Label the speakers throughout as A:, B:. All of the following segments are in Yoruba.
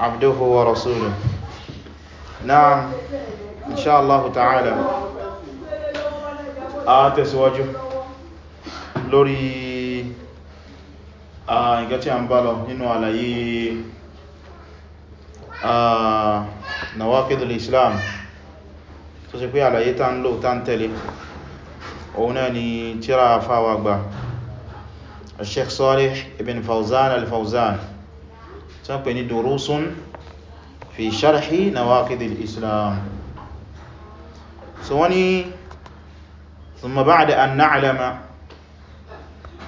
A: عبده ورسوله نعم إن شاء الله تعالى àtẹ̀síwájú lórí nǹkan tí a ń bá lọ nínú àlàyé nawaqidul Islam tó sì pé àlàyé tá ń lò tá ń tẹ̀lé òun náà ni tírà fáwàgbà Sheikh Salih ibn Fawzan al-Fawzan tó pè ní durusun fi sharhi nawaqidil islam so wani thumma ba'da an na'lama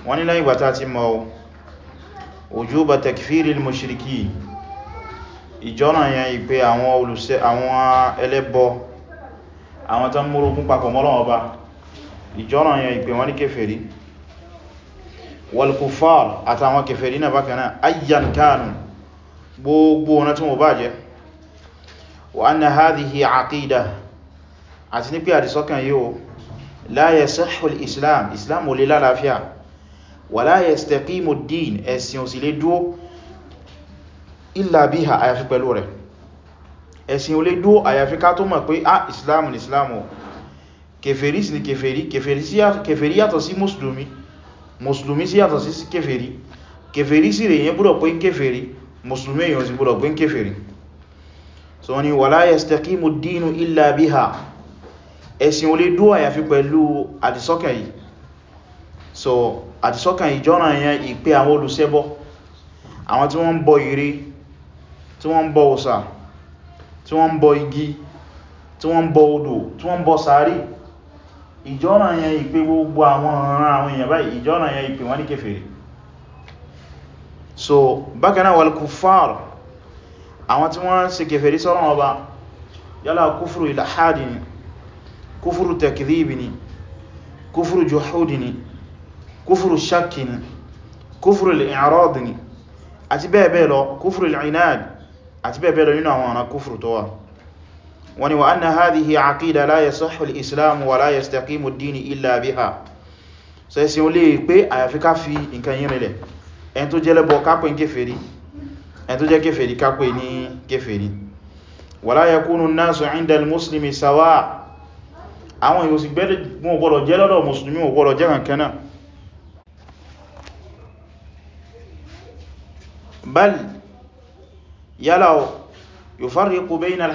A: wani lai bata ti mọ̀ wujuba takfiril mushrikin ìjọ́nà yẹn ìpé àwọn olùṣe àwọn ẹlẹ́bọ àwọn tán múrógún papọ̀ mọ́lọ́wọ́ ọba ìjọ́nà yẹn ìpé wọ́n ní kèfèrí wal àtàwọn kèfèrí náà bákanáà ayyan gbogbo ọ̀nà tí wọ́n bá jẹ́ wa anna hadhihi aqida àti ní pé àdìsọ́kàn yíò la yasihhu al-islam islam ò lè lálàáfíà wa la yastaqimu ad-din ẹ̀sìn ò sì lè dúó illa biha àyàfi pẹ̀lú rẹ̀ ẹ̀sìn ò lè dúó àyàfi ká tó mọ̀ pé ah islam ni islam o kèfèrí sí kèfèrí yàtọ̀ sí mùsùlùmí mùsùlùmí sí yàtọ̀ sí kèfèrí kèfèrí sí rèyìn búrọ̀ pé kèfèrí musulmi èyàn sì gbọ́dọ̀ pín kéfèrí so wọ́n ni wala yastaqimu ad-dinu illa biha ẹ̀sìn olè dúó àyàfi pẹ̀lú àdìsọ́kàn yìí so àdìsọ́kàn yìí jọ́nà yẹn ìpé àwọn olùṣẹbọ àwọn tí wọ́n ń bọ ère tí wọ́n ń bọ òsà tí wọ́n ń bọ igi tí wọ́n ń bọ odò tí wọ́n ń ìjọ́nà yẹn ìpé gbogbo àwọn ọ̀ràn àwọn èèyàn báyìí ìjọ́nà yẹn ìpé wọ́n ní kéfèrí so bákan náà wal kuffar àwọn tí wọ́n ṣe kèfèrí sọ́rọ̀ ọba yálà kúfùrù ìlàhádì ni kúfùrù tẹ̀kìdìbì ni kúfùrù juhudi ni kúfùrù shakki ni kúfùrù ìrọ́dì ni àti bẹ́ẹ̀ bẹ́ẹ̀ lọ kúfùrù ìlànàd àti bẹ́ẹ̀ bẹ́ẹ̀ lọ nínú àwọn ọ̀nà kúfùrù tó wà wọ́n ni wa ẹn tó jẹ́ lẹ́bọ̀ kápẹ́ ní kèfèrí ẹn tó jẹ́ kèfèrí kápẹ́ ní kèfèrí wala yakunu an-nasu 'inda al-muslimi sawa' àwọn èyí sì gbẹ́lẹ̀ wọn gbọ́dọ̀ jẹ́ lọ́dọ̀ mùsùlùmí wọn gbọ́dọ̀ jẹ́ kankan náà bal yálà yufarriqu bayna al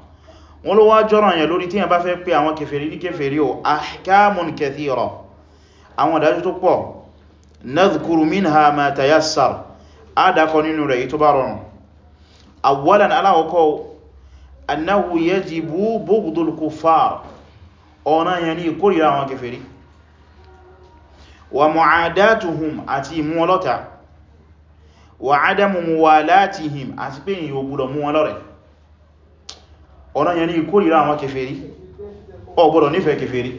A: wọ́n ló wá jọ́rọ̀ àyàn lórí tí yàn bá fẹ́ pé àwọn kèfèrí ní kèfèrí o ahkamun kathira àwọn ìdájú tó pọ̀ nadhkuru minha ma tayassar adakọ nínú rẹ̀ tó bá rọrùn awwalan aláwọ̀kọ́ annahu yajibu bughdul kuffar ọ̀nà ọ̀nà yẹn ní ìkórìíra àwọn kèfèrí o nífẹ̀ẹ́ kèfèrí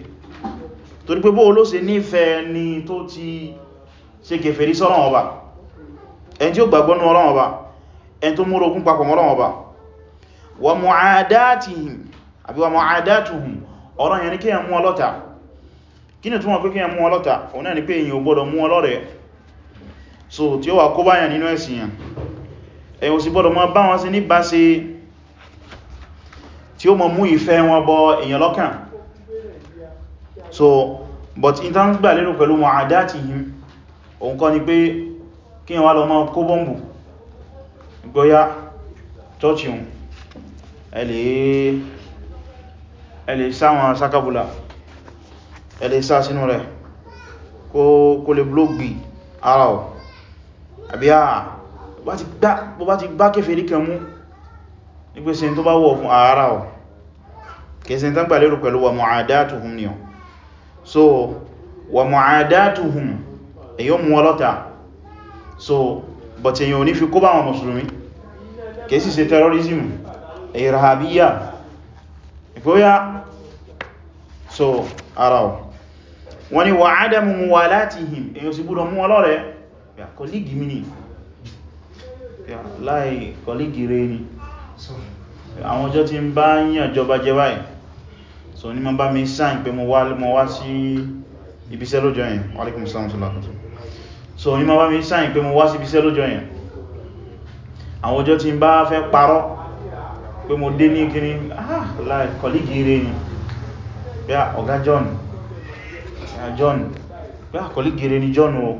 A: torí pé bóò ló nífẹ̀ẹ́ ni tó ti ṣe kèfèrí sọ́rọ̀ ọba ẹni tí ó gbàgbọ́ ní Ọlọ́run ọba ẹni tó múrò ogun papọ̀ mọ́rọ̀ ọba wa mu'adatihim àbí wa mu'adatuhum ọ̀rọ̀ yẹn ní kí ẹmú ọlọ́ta kí ni túnmọ̀ pé kí ẹmú ọlọ́ta òun náà ni pé èyàn ò gbọ́dọ̀ mú bá wọn tí ó mọ mú ìfẹ́ wọn bọ èyàn lọ́kàn so but in terms gbà lérò pẹ̀lú mu'adatihim òun kọ́ ni pé kí wọ́n lọ máa kó bọ́m̀bù gbọ́yá church yun ẹ̀lẹ̀ sáwọn sakabula ẹ̀lẹ̀ sá sínú rẹ̀ kó lè blógbì ara ọ̀ àbí àà bó bá ti gbá kéfèrí kan mú nígbésẹ̀ tó bá wọ̀ fún ara ọ̀ kìí tán gbàlérò pẹ̀lú wa mu'adatuhum ni so wa mu'adatuhum èyàn mú ọlọ́ta so but èyàn ò ní fi kó bá wọn mùsùlùmí kìí sì terrorism èyí rahabiyya so ara ọ̀ wọ́n ni wa adamu muwalatihim èyàn sì gbọ́dọ̀ mú ọlọ́rẹ̀ kọlígì mini láì kọlígì rẹ̀ ni àwọn ọjọ́ ti ń bá yíyàn jọba jẹ báyìí so ní ma bá mi sáìn pé mo wá sí ibiṣẹ́ lọ́jọ́ yẹn wàlékún sáàmùsùlá so ní ma bá mi sáìn pé mo wá sí ibiṣẹ́ lọ́jọ́ yẹn àwọn ọjọ́ tí ń bá fẹ́ parọ́ mo dé ní gíní ah láì kọlígì rẹ̀ ni bí a ah, ọ̀gá John John bí a kọlígì ni John o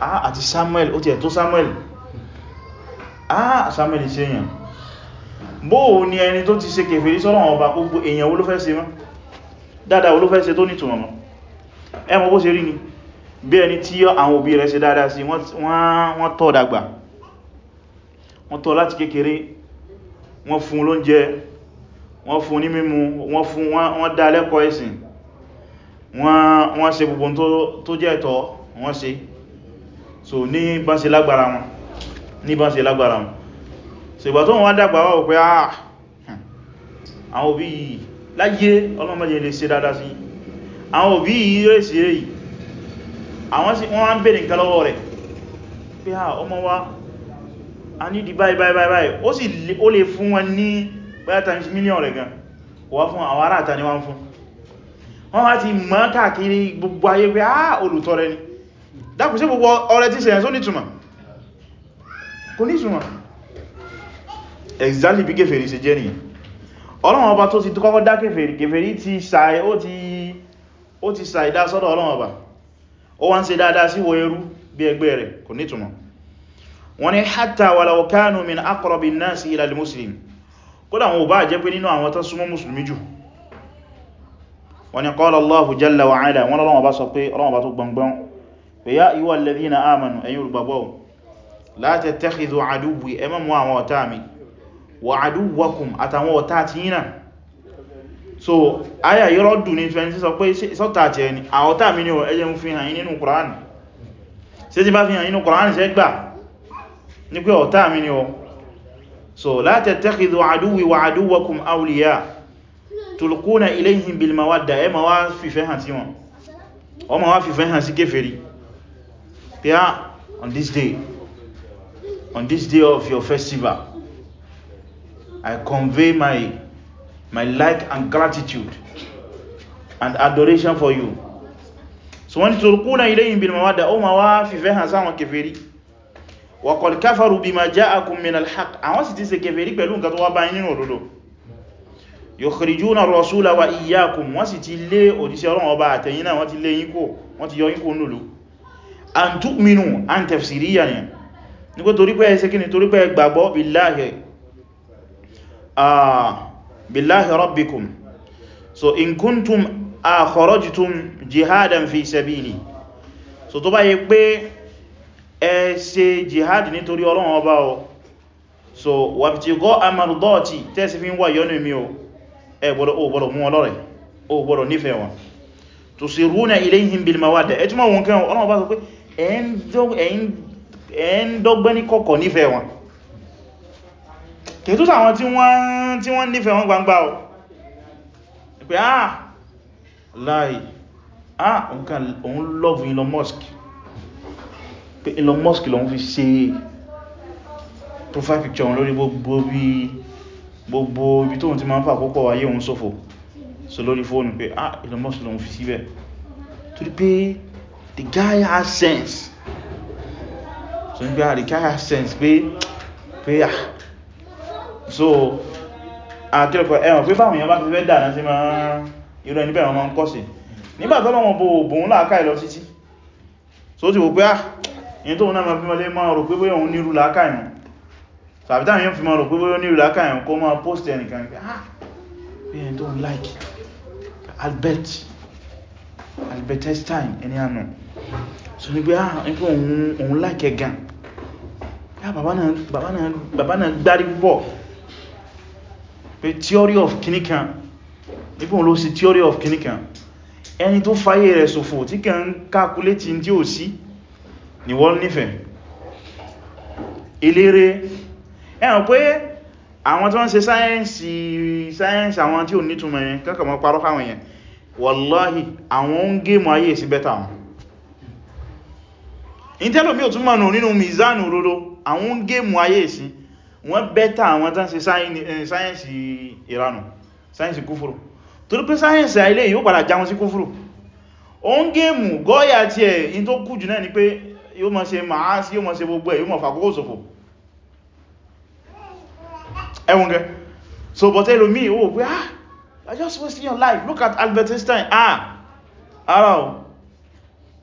A: ah àti Samuel ó ti ẹ̀ tó Samuel ah Samuel ṣe yàn bóò ni ẹni tó ti ṣe kèfèrí sọ́rọ̀ ọba gbogbo èèyàn olófẹ́ ṣe mọ́ dáadáa olófẹ́ ṣe tó ní túnmọ̀ mọ́ ẹmọ bó ṣe rí ni bí ẹni tí àwọn òbí rẹ̀ ṣe dáadáa sí wọ́n tọ́ dàgbà wọ́n tọ́ láti kékeré wọ́n fún lóúnjẹ wọ́n fún ní mímu wọ́n fún wọ́n dá lẹ́kọ̀ọ́ ẹ̀sìn wọ́n ṣe gbogbo tó jẹ́ ẹ̀tọ́ wọ́n se. so ní bá ṣe ní bá ṣe lágbára wọn so ìgbà tó wọ́n dàgbà wá òpé àà ah, hmm, àwọn òbí yìí láyé ọlọ́mọdé lè ṣe dáadáa sí àwọn òbí yìí rẹ̀ sí rẹ̀ yìí àwọn sí wọ́n ń bèèrè nǹkan lọ́wọ́ rẹ̀ pé à ah, ọmọ wa a ní di báyìí báyìí báyìí ó sì ó lè fún wọn ní báyìí times million rẹ̀ gan wá fún àwọn ará àtàní wá ń fún wọ́n wá ti mọ́ káàkiri gbogbo ayé pé à ah, olùtọrẹ ni dákùn sí gbogbo ọrẹ tí sẹ̀yàn exactly bí kèfèrí ṣe jẹ́ nìyàn ọlọ́run ọba tó ti tó kọ́kọ́ dá kèfèrí kèfèrí ti sàì ó ti sàì dá sọ́dọ̀ ọlọ́run ọba ó wá ń ṣe dáadáa sí wọ ẹrú bí ẹgbẹ́ rẹ̀ kò nítumọ̀ wọ́n ní hatta walau kanu min aqrabi an-nasi ila al-muslim kódà wọn ò bá jẹ́ pé nínú àwọn tó súnmọ́ musulmi jù wọ́n ní qala Allahu jalla wa ala wọ́n lọ́wọ́ àwọn ọ̀tá mi wa aduwakum àtàwọn ọ̀tá ti yínà so aya yọ́rọ̀ dùn ní 26 sọ pé ìsọ́ta àti ẹni àwọ̀tá mi ni ẹjẹ́ ń fi hàn yín nínú kùránì ṣe ti bá fi hàn yín nínú kùránì ṣe gbà ní pé ọ̀tá mi ni ọ so la tattakhidhu aduwwi wa aduwakum awliya tulquna ilayhim bil mawadda ẹ ma wá fìfẹ́ hàn sí wọn ọ ma wá fìfẹ́ hàn sí kéfèrí pé on this day on this day of your festival I convey my, my like and gratitude and adoration for you so when ni tulquna ilayhim bil mawadda ó ma wá fífẹ́ hàn sáwọn kèfèrí wa qad kafaru bima ja'akum min al haq àwọn sì ti ṣe kèfèrí pẹ̀lú nǹkan tó wá bá nínú òdodo yukhrijuna ar-rasula wa iyyakum wọ́n sì ti lé òjíṣẹ́ Ọlọ́run ọba àtẹ̀yìn náà wọ́n ti lé yín kó wọ́n ti yọ yín kó nùlù an tu'minu an tafsiriyan ni pé torípẹ́ ẹsẹ́ kí ni torípẹ́ gbàgbọ́ billahi Ah, billahi rabbikum so in kuntum a kharajtum jihadan fi sabili so tó bá yẹ pé ẹ ṣe jihad nítorí Ọlọ́run Ọba o so wabtigo amardati tẹ́sí fi ń wà yọ́nà mi o ẹ gbọ́dọ̀ o gbọ́dọ̀ mú ọlọ́rẹ̀ o gbọ́dọ̀ nífẹ̀ẹ́ wọn tusiruna ilayhim bil mawadda ẹ túnmọ̀ wọn kẹwọn Ọlọ́run Ọba sọ pé ẹ ń dọ́gbẹ́ ní kọ̀kọ̀ nífẹ̀ẹ́ wọn kètù sàwọn tí wọ́n nífẹ̀ẹ́ wọn gbangba ọ̀ pé ah láì ah òun love Elon Musk pé Elon Musk lòun fi ṣe profile picture lórí gbogbo ibi tóhun ti máa ń fà púpọ̀ ayé òun ṣòfò so lórí fóònù pé ah Elon Musk lòun fi síbẹ̀ torí pé the guy has sense so n gbá the guy has sense pé pé ah so àkílẹ̀kọ̀ ẹwọ̀n pé báwọn èèyàn bá ti fẹ́ dáná sí máa irú ẹni bẹ̀rẹ̀ wọn kọ́ sí nígbàtí Ọlọ́run bó bòun láàká ìlọ títí so ti wò pé ah in tó náà fi mọ́lé máa rò pé bóyá òun nírú láàká ìrùn tàbí táwọn èèyàn fi máa rò pé bóyá nírú láàká ìrùn kó máa post ẹnìkan pé ah bí ẹni tó like Albert Albert Einstein ẹni àná so ní pé ah ní pé òun like ẹ̀ gan ah, bàbá náà gbárí púpọ̀ The theory of kìníkan nígbò ló sí theory of kìníkan ẹni tó fàyè rẹ̀ ṣòfò tí kẹ ń kàkúlétí tí ò sí ni wọ́n nífẹ̀ẹ́ eléré ẹ̀rùn pé àwọn tó ń ṣe sáyẹ́nsì sáyẹ́nsì àwọn tí ò nítumọ̀ yẹn kẹ́kọ̀ọ́ mọ́ parọ́ fáwọn yẹn wàláhì àwọn ń gẹ́mù ayé sí bẹ́ta wọn ìtẹ́lòmí ò túnmọ̀ nù nínú mìzánù òdodo àwọn ń gẹ́mù ayé sí wọ́n bẹ́ta àwọn tán ṣe sáyẹ́nsì eh, ìranù sáyẹ́nsì kúfùrù torí pé sáyẹ́nsì ilé yóò padà já wọn sí kúfùrù o ń gẹ́mù gọ́ọ̀yà tí ẹ̀ in tó kú jù náà ni pé yóò mọ́ ṣe máa sí yóò mọ́ ṣe gbogbo ẹ̀ yóò mọ́ fàkókò ṣòfò ẹwùn ah, just wasted your life look at Albert Einstein ah ara o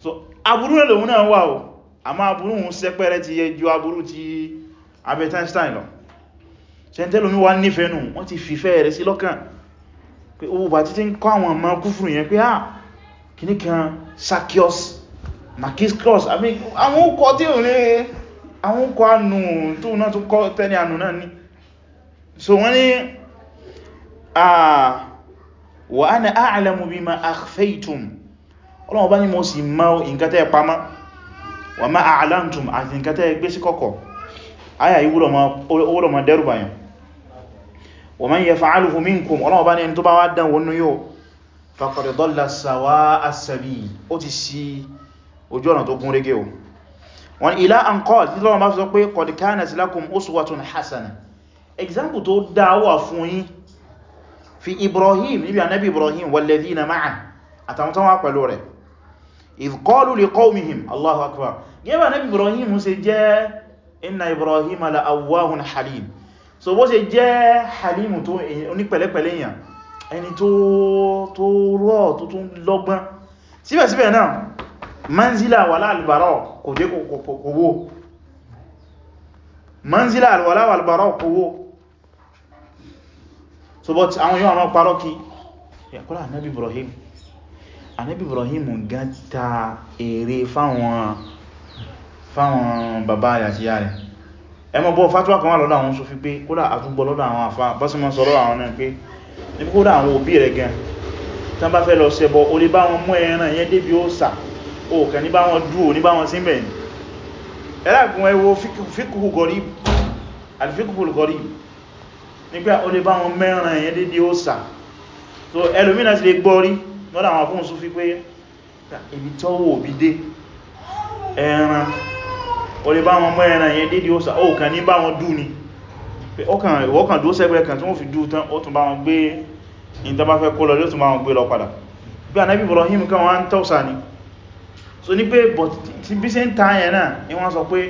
A: so aburú ẹlòmí náà wà o àmọ́ aburú ń sẹ́pẹ́rẹ́ ti yẹ abẹ́ Einstein lọ ṣẹ́ntẹ́lò mi wá nífẹ̀ẹ́nù wọ́n ti fìfẹ́ rẹ̀ sí lọ́kàn pé owó bá títí ń kọ́ àwọn ọmọ kúfùrù yẹn pé ah kìní kan Sarkios Makiscos àwọn ọkọ̀ tí ò lè àwọn ọkọ̀ anù tó náà tó kọ́ tẹ́ni anù náà ni so wọ́n ni wa ana a'lamu bima akhfaytum ọlọ́wọ́ bá ní mo sì mọ̀ nǹkan tẹ́ pamọ́ wa ma a'lantum àti nǹkan tẹ́ gbé sí kọ̀kọ̀ àyà ìwúlọ̀ ma dẹ́rù báyàn wa man yaf'aluhu minkum ọlọ́wọ́ bá ní ẹni tó bá wá dán wọnú yóò faqad dalla sawaa as-sabil ó ti sí ojú ọ̀nà tó gún régé o wọn ila an qala tí lọ́wọ́ bá sọ pé example tó dáwà fún yín fi Ibrahim níbi ànábì Ibrahim walladhina ma'a àtàwọn tó wá pẹ̀lú rẹ̀ idh qalu li qawmihim Allahu akbar gẹ́bà ànábì Ibrahim ṣe jẹ́ inna ibrahim la awwahun halim so bó ṣe jẹ́ halim tó ní pẹ̀lẹ́pẹ̀lẹ́ èyàn ẹni tó rọ́ tó tún lọ́gbọ́n síbẹ̀síbẹ̀ náà manzila wàlá albara kò jẹ́ kòwó manzila alwàlá albara kòwó so but àwọn yíò àwọn parọ́ kí yàkúrò ànábì ibrahim ànábì ibrahim gan ta èrè fáwọn fáwọn bàbá rẹ̀ àti yá rẹ̀ ẹmọ bọ́ fàtíwà kan wà lọ́dọ̀ àwọn Sufi pé kódà àtúgbọ́ lọ́dọ̀ àwọn àfá bọ́sí mọ́ sọ́rọ̀ àwọn náà pé ní kódà àwọn òbí rẹ̀ gan tán bá fẹ́ lọ ṣẹbọ o lè bá wọn mú ẹran yẹn débi ó sà o kàn ní bá wọn dúó ní bá wọn sí mẹ́rin ẹlẹ́gùn ẹwọ fíkùkù gọ̀rí àlìfíkùkù gọ̀rí o lè bá wọn mẹ́ran yẹn débi ó sà so ẹlòmínà sì lè gbọ́ rí lọ́dọ̀ àwọn fún Sufi pé ibi tọ́wọ́ òbí ẹran o lè bá wọn mọ́ ẹran yẹn dédé ó sà ó kàn ní bá wọn dú ni ọkàn dó sẹ́gbẹ́ kan tí wọ́n fi dú tán ó tún bá wọn gbé ìntàbá fẹ́ kó lọ yóò tún bá wọn gbé lọ padà bí anábì Ibrahim kan wọ́n ń tọ́sà ni so ní pé tí bí ṣe ń ta ẹ̀ náà ni wọ́n sọ pé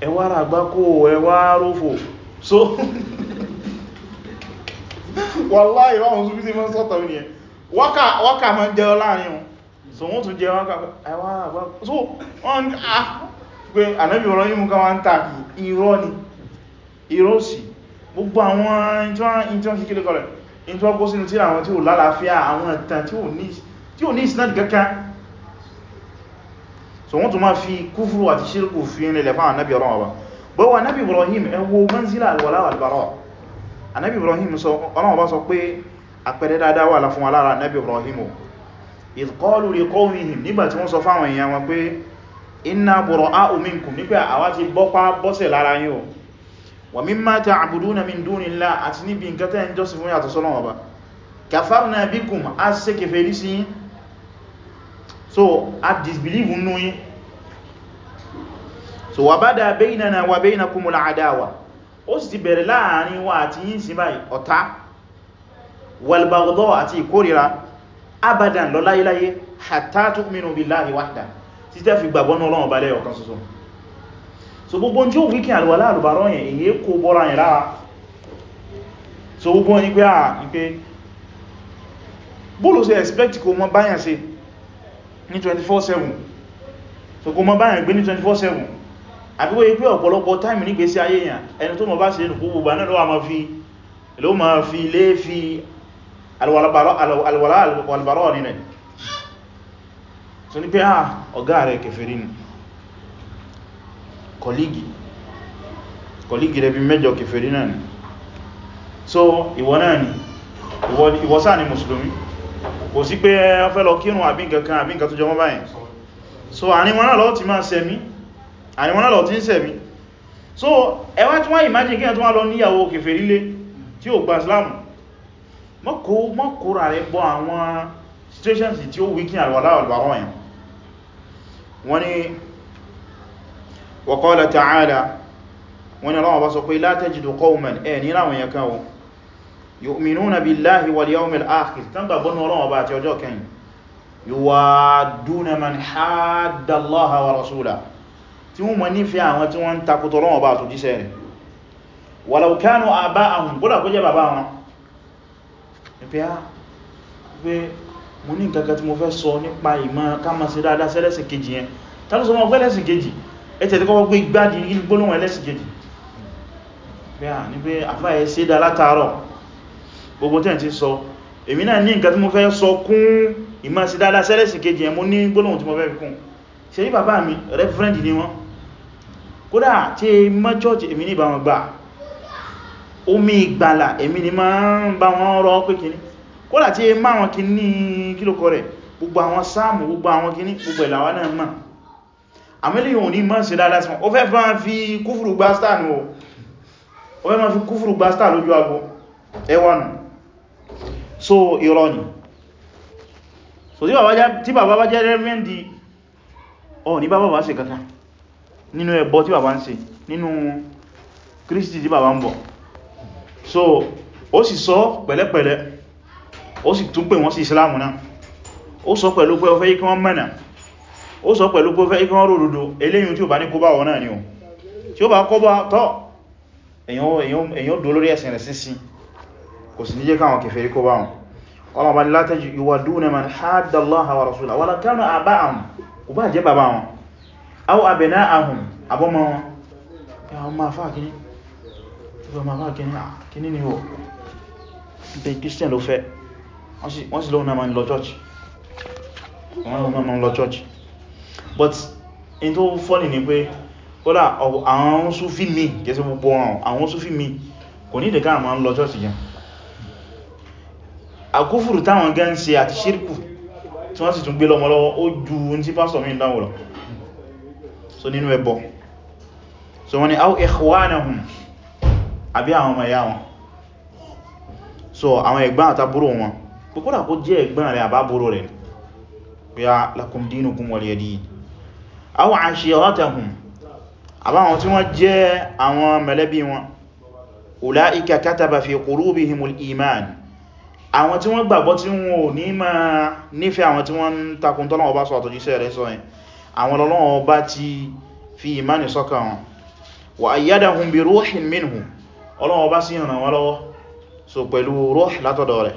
A: ẹwà àgbákò ẹwà rófò so wàláhì ìwọ̀n òsùn bí sí mọ́ sọ́tọ̀ ní ẹ wákà máa jẹ́ láàrin wọn so wọ́n tún jẹ́ wákà ẹwà àgbákò so wọ́n ah pé ànábì ọ̀rọ̀ yìí mú ká wọ́n ń tàà irọ́ ni irọ́ sí gbogbo àwọn ìjọ́n sí kílẹ̀kọ́lẹ̀ in tó kó sínú tí àwọn tí ò lálàáfíà àwọn ẹ̀tàn tí ò ní ìsinad gẹ́kẹ́ so wọ́n tó máa fi kúfúrú àti ṣírkù fi ń lẹ̀lẹ̀ fáwọn ànábì ọ̀rọ̀ ọba bọ́ wà ànábì Ibrahim ẹ wo manzila alwala albara ànábì Ibrahim ọlọ́wọ́ bá sọ pé àpẹẹrẹ dáadáa wà láfún alára ànábì Ibrahim idh qalu li qawmihim nígbà tí wọ́n sọ fáwọn èèyàn wọn pé inna bura'u minkum nípé àwa ti bọ́pá bọ́sẹ̀ lára yín o wa mimma ta'buduna min dunillahi àti níbi nǹkan tẹ́ ń jọ́sìn fún yàtọ̀ sọ́lọ́wọ́ ba kafarna bikum a ṣe kẹfẹ́ rí sí so a disbelieve nú yí hatta tu'minu billahi wahda títẹ́ fi gbàgbọ́ náà Ọlọ́run balẹ̀ ọ̀kan ṣoṣo so gbogbo tí ó wíkẹ́ àlùwàlá àlùbárọ̀ yẹn èyí kó bọ́ra yẹn lára so gbogbo ní pé à ah, ní pé bóòlù sí expect kó mọ báyàn ṣe ní 24/7 so kó mọ báyàn gbé ní 24/7 àbíkó yí pé ọ̀pọ̀lọpọ̀ time nígbésí ayé yẹn ẹni tó mọ bá ṣe nù gbogbo gbà náà lọ́wọ́ ma fi ló ma fi lé fi àlùwàlá àlùbárọ̀ nínú tó ní pé ah ọ̀gá rẹ̀ kèfèrí ni kọlígì kọlígì rẹ̀ bí mẹ́jọ kèfèrí náà ni so ìwọ náà ni ìwọ sáà ni mùsùlùmí kò sí pé ó lọ kírun àbí nǹkankan tó jọ báyìí so àníwọ́n náà lọ ti máa sẹ̀mí àníwọ́n so ẹwà tí wọ́n imagine kí ẹ tó wá lọ níyàwó kèfèrí lé tí ó gba Islam mọ́kó mọ́kó rà rẹ̀ bọ́ àwọn situations tí ó wíkí àlwàlá àlwàrọ̀ yẹn wọ́n ni wa qala ta'ala wọ́n ni Ọlọ́run bá sọ pé la tajidu qawman ẹ̀ ní láwọn yẹ kan yu'minuna billahi wal yawmil akhir tán gbàgbọ́ ní Ọlọ́run bá àti ọjọ́ kẹyìn yuwadduna man hadda Allaha wa rasulahu tí wọ́n mọ̀ nífẹ́ àwọn tí wọ́n ń takùtọ̀ lọ́wọ́ bá tó jíṣẹ́ walau kanu àbá àwọn bọ́lá kó jẹ́ bàbá wọn mo ní nǹkankan tí mo fẹ́ sọ nípa ìmọ̀ káàmà sí dáadáa sẹ́lẹ̀sìn kejì yẹn tàbí sọ mọ́ fẹ́lẹ̀sìn kejì ẹ̀tẹ̀ tí kọ́kọ́ gbé gbádi gbónúwọ̀n ẹlẹ́sìn kejì pé à ní pé àfá ẹ̀ sí dá látàárọ̀ gbogbo tẹ́ ti sọ èmi náà ní nǹkan tí mo fẹ́ sọ kún ìmọ̀ sí dáadáa sẹ́lẹ̀sìn kejì mi reverend ni wọ́n kódà tí mọ́ church èmi ní bá wọn gbà omi ìgbàlà èmi ni máa kódà tí ma wọn kì ní kílòkọ rẹ̀ gbogbo àwọn sáàmù gbogbo àwọn kì ní gbogbo ìlàwà náà mọ̀ àmìlì yóò ní mọ́ sí dáadáa sọ́n ó fẹ́ fi kúfùrù gbá ní o ó fẹ́ kúfùrù gbá lójú agbó ẹwọ́nù so irọ́ so tí bàbá bá jẹ́ rẹ́mẹ́ndì ọ ní bàbá bá ṣe kaka nínú ẹbọ tí bàbá ń ṣe nínú Kristi tí bàbá ń bọ̀ so ó sì sọ pẹ̀lẹ́pẹ̀lẹ́ ó sì tún pè wọ́n sí islamu náà ó sọ pẹ̀lú pé ó fẹ́ ikú wọn mẹ́nà ó sọ pẹ̀lú pé ó fẹ́ ikú wọn ròdòdó eléyìn tí ó bá ní kó bá wọn náà ni o tí ó bá kó bá tọ́ èyàn dó lórí ẹ̀sìn rẹ̀ sísí kò sì ní jẹ́ káwọn kèfèrí kó bá wọn ọlọ́ba ni látẹ́jì yuwadduna man hadda christian ló fẹ́ wọ́n sì lóun náà ma ń lọ church wọ́n náà ma ń lọ but in tó fọ́nì ni pé kódà àwọn súfí mi kẹsí gbogbo ọ̀rọ̀ àwọn súfí mi kò ní ìdẹ̀ká ma ń lọ church yẹn àkúfùrù táwọn gan ṣe àti ṣírkù tí wọ́n sì tún gbé lọ́mọ lọ́wọ́ so àwọn ọmọ àtàbúrò wọn kódà kó jẹ́ ẹ̀gbọ́n rẹ̀ àbábúrò rẹ̀ pé a lakum dinukum waliyadin aw ashiratahum àbáwọn tí wọ́n jẹ́ àwọn mẹ̀lẹ́bí wọn ulaika kataba fi qulubihimul iman àwọn tí wọ́n gbàgbọ́ tí wọ́n ò ní ma nífẹ́ àwọn tí wọ́n ń takun tọ́lọ́wọ́ bá sọ àtọ̀jíṣẹ́ rẹ̀ sọ yìí àwọn ọlọ́wọ́ bá ti fi ìmáni sọ́kà wọn wa ayyadahum bi ruhin minhu ọlọ́wọ́ bá sí ìrànwọ́ so pẹ̀lú ruh látọ̀dọ̀ rẹ̀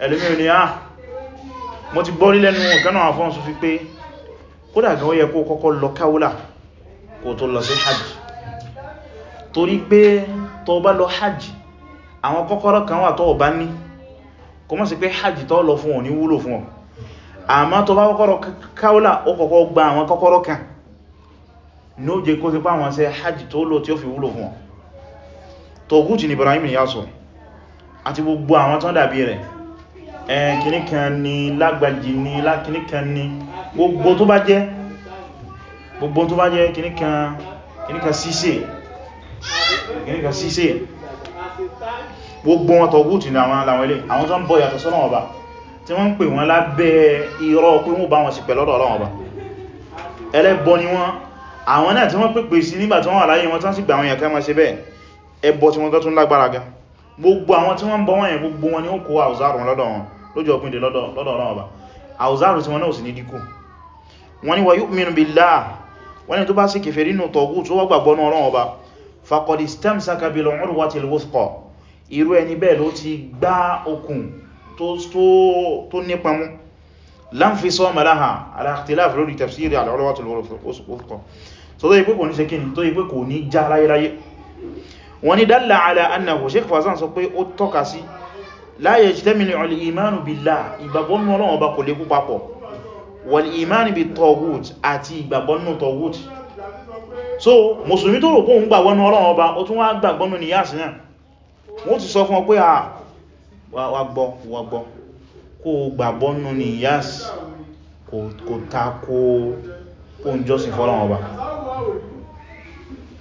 A: ẹlòmí ni ah mo ti gbọ́ nílẹ̀ nínú ọ̀gánà àfọ́n sọ fi pé kódà gan ó yẹ kó kọ́kọ́ lọ káúlà kó tó lọ sí hajj torí pé tó bá lọ hajj àwọn kọ́kọ́rọ́ kan wà tó o bá ní kó mọ́ sí pé hajj tó lọ fún ọ ní wúlò fún ọ àmọ́ tó bá kọ́kọ́rọ́ káúlà ó kọ́kọ́ gba àwọn kọ́kọ́rọ́ kan ní ó hajj tó lọ tí ó fi wúlò fún ọ tọ̀gútù ni Ibrahim ni yá sọ àti gbogbo àwọn tán dàbí rẹ̀ kìníkan ni lágbàjì ni lákìníkan ni gbogbo tó bá jẹ́ gbogbo tó bá jẹ́ kìníkan síse kìníkan síse gbogbo wọn tọ̀gútù ní àwọn aláwọn ilé àwọn tó ń bọ̀ yàtọ̀ sọ́nà ọba tí wọ́n ń pè wọ́n lábẹ́ irọ́ pé wọ́n bá wọn sí pẹ̀lọ́dọ̀ ọlọ́run ọba ẹlẹ́bọ ni wọ́n àwọn náà tí wọ́n pèpè sí nígbà tí wọ́n wà láyé wọn tán sì gbà àwọn èèyàn ká máa bẹ́ẹ̀ ẹbọ tí wọ́n tó tún lágbára gan gbogbo àwọn tí wọ́n ń bọ wọ́n yẹn gbogbo wọn ni ó kó àwùzárùn lọ́dọ̀ wọn lójú ọ̀pìn dè lọ́dọ̀ ọ̀rọ̀ ọba àwùzárù tí wọn náà sì ní díkù wọn ni wa yu'minu billah wọn ni tó bá sì kèfèrí nù tọ̀gù tó wá gbàgbọ́ nù ọ̀rọ̀ ọba faqad istamsaka bil urwatil wuthqa irú ẹni bẹ́ẹ̀ ló ti gbá okùn tó nípa mú lanfisama laha ala ikhtilaf lórí tafsiri al urwatil wuthqa so la yajtami'u al-imanu billah ìgbàgbọ́ nínú Ọlọ́run ọba kò lè kú papọ̀ wal-imanu bit àti ìgbàgbọ́ nínú so mùsùlùmí tó rò pé òun gbàgbọ́ nínú Ọlọ́run ọba ó tún wá gbàgbọ́ nínú níyàsí náà wọ́n ti sọ fún ọ pé à wà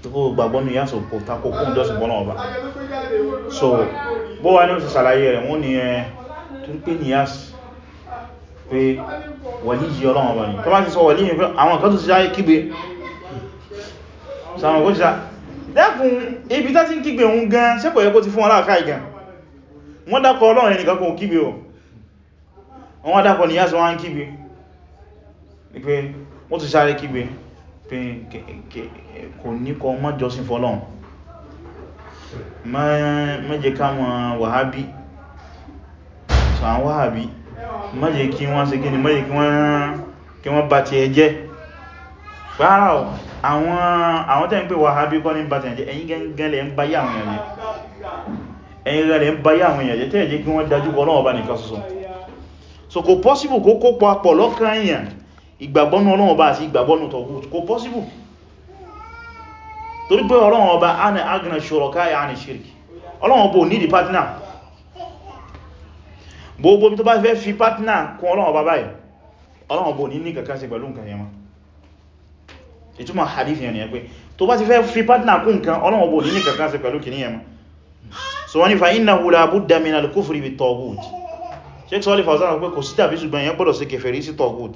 A: tí kó gbàgbọ́ ní yásò kò takò kún jọ́sìn bọ́nà ọba so bó wá ní ó sì sàlàyé rẹ̀ wọ́n ni ẹ tún pé ní yásì pé wọ̀lí yí ọlọ́run ọba ni tó bá ti sọ wọ̀lí yìí pé àwọn kan tó ti sáyé kígbe sàmà kó ti sá dẹ́kun ibi tá ti ń kígbe òun gan sẹ́pọ̀ yẹ kó ti o wọ́n dákọ ní yásì wọ́n kígbe pé wọ́n ti sáré kígbe pé kò ní kọ mọ́jọsìn fọ́lọ́run mẹ́jẹ káwọn wàhábí sàn wàhábí mẹ́jẹ kí wọ́n ṣe gíní mẹ́jẹ kí wọ́n bá ti ẹjẹ́ rárá o àwọn tẹ́ ń pè wàhábí kọ́ ní bá ti ẹjẹ́ ẹ̀yin gẹ́gẹ́lẹ̀ ń báyé àwọn èèyàn ẹ̀yin gẹ́gẹ́lẹ̀ ń báyé àwọn èèyàn tẹ́ ẹ̀jẹ́ kí wọ́n dájú Ọlọ́run Ọba nìkan ṣoṣo so kò possible kó kópa pọ̀ lọ́kàn èèyàn ìgbàgbọ́nù ọlọ́run ọba àti ìgbàgbọ́nù tọ̀gùt kò pọ́síbù torí pé ọlọ́run ọba ana agna ṣòrọ̀ká ya ni ṣirki ọlọ́run ọba ò ní di partner gbogbo tó bá fẹ́ fi partner kún ọlọ́run ọba báyìí ọlọ́run ọba ò ní ní kankan ṣe pẹ̀lú nǹkan yẹn mọ́ ìtumọ̀ hadith yẹn ni pé tó partner kún nǹkan ọlọ́run ọba ò ní ní kankan ṣe pẹ̀lú kìní yẹn mọ́ so wọ́n ni fa innahu la budda min al-kufri bi tọ̀gùt sheikh sọ́lífà sọ́nà pé kò sí tàbí ṣùgbọ́n yẹn gbọ́dọ̀ sí kèfèrí sí tọ̀gùt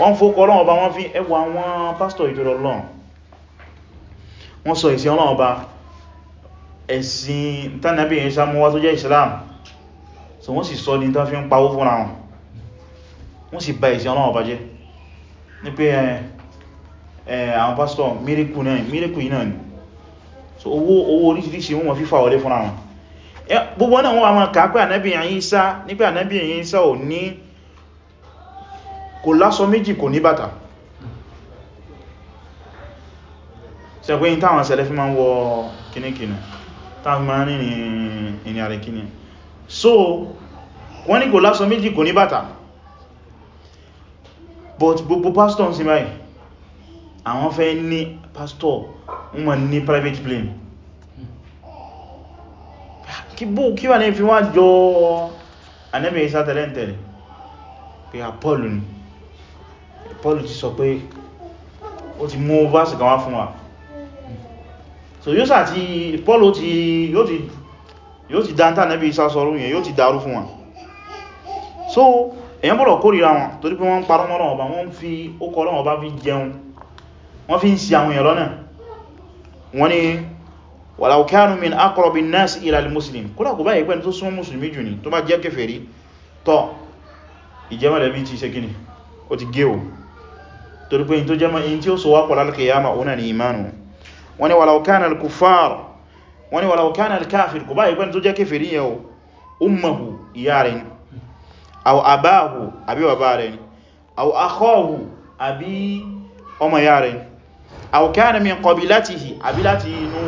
A: wọ́n fókọ Ọlọ́run ọba wọ́n fi ẹwà wọn pásítọ̀ ìjọdọ̀ Ọlọ́run wọ́n sọ ìsìn Ọlọ́run ọba ẹ̀sìn tánàbí ìyẹn sàmúwá tó jẹ́ Islam so wọ́n sì sọ ní tán fi ń pawó fúnra wọn wọ́n sì bà ìsìn Ọlọ́run ọba jẹ́ ní pé àwọn pásítọ̀ mírìkù yìí náà ni so owó owó oríṣiríṣi wọ́n fi fà wọlé fúnra wọn gbogbo náà wọ́n wà máa kà pé ànábì Ìsá ní pé ànábì Ìsá ò ní kò láṣọ méjì kò ní bàtà sẹ́gbé yí táwọn sẹ́lẹ́fí ma ń wọ kìnnìkìnnì táwọn ma ń ìrìn àrẹ kìnnì so wọ́n ní kò láṣọ méjì kò ní bàtà but gbogbo pastor sí báyìí àwọn fẹ́ ní pastor wọ́n ma ní private plane kí wà ní fi wá jọ anẹ́bẹ̀ isa tẹ́lẹ̀ntẹ́lẹ̀ pé apollo ni Paul ti sọ pé ó ti mú báṣì kan wá fún wa so yóò sà ti Paul ti yóò ti dántà nẹ́bí Ìsá sọrú yẹn yóò ti dárú fún wa so èyàn bọ̀rọ̀ kórìíra wọn torí pé wọ́n ń parọ́ mọ́rọ̀ ọba wọ́n fi ókọ ọlọ́wọ́ bá fi jẹun wọ́n fi ń ṣì àwọn èèyàn lọ́nà wọ́n ni walau kanu min aqrabi an-nas ila al-muslim kódà kò báyìí pẹ́ni tó súnmọ́ mùsùlùmí jù ní tó bá jẹ́ kèfèrí tọ́ ìjẹ́mọ̀lẹ́bí ti ṣe kíni o ti gé o torí pé in tó jẹ́ in tí ó so wápọ̀ lálkìyàmà òun ni imanu wọ́n ni walau kana al-kuffar wọ́n ni walau kana al-kafir kò bá ìpẹ́ tó jẹ́ kéfèrí yẹ ummahu ìyá rẹ̀ ni aw abahu àbí bàbá rẹ̀ ni aw akhahu àbí ọmọ ìyá aw kana min qabilatihi àbí láti inú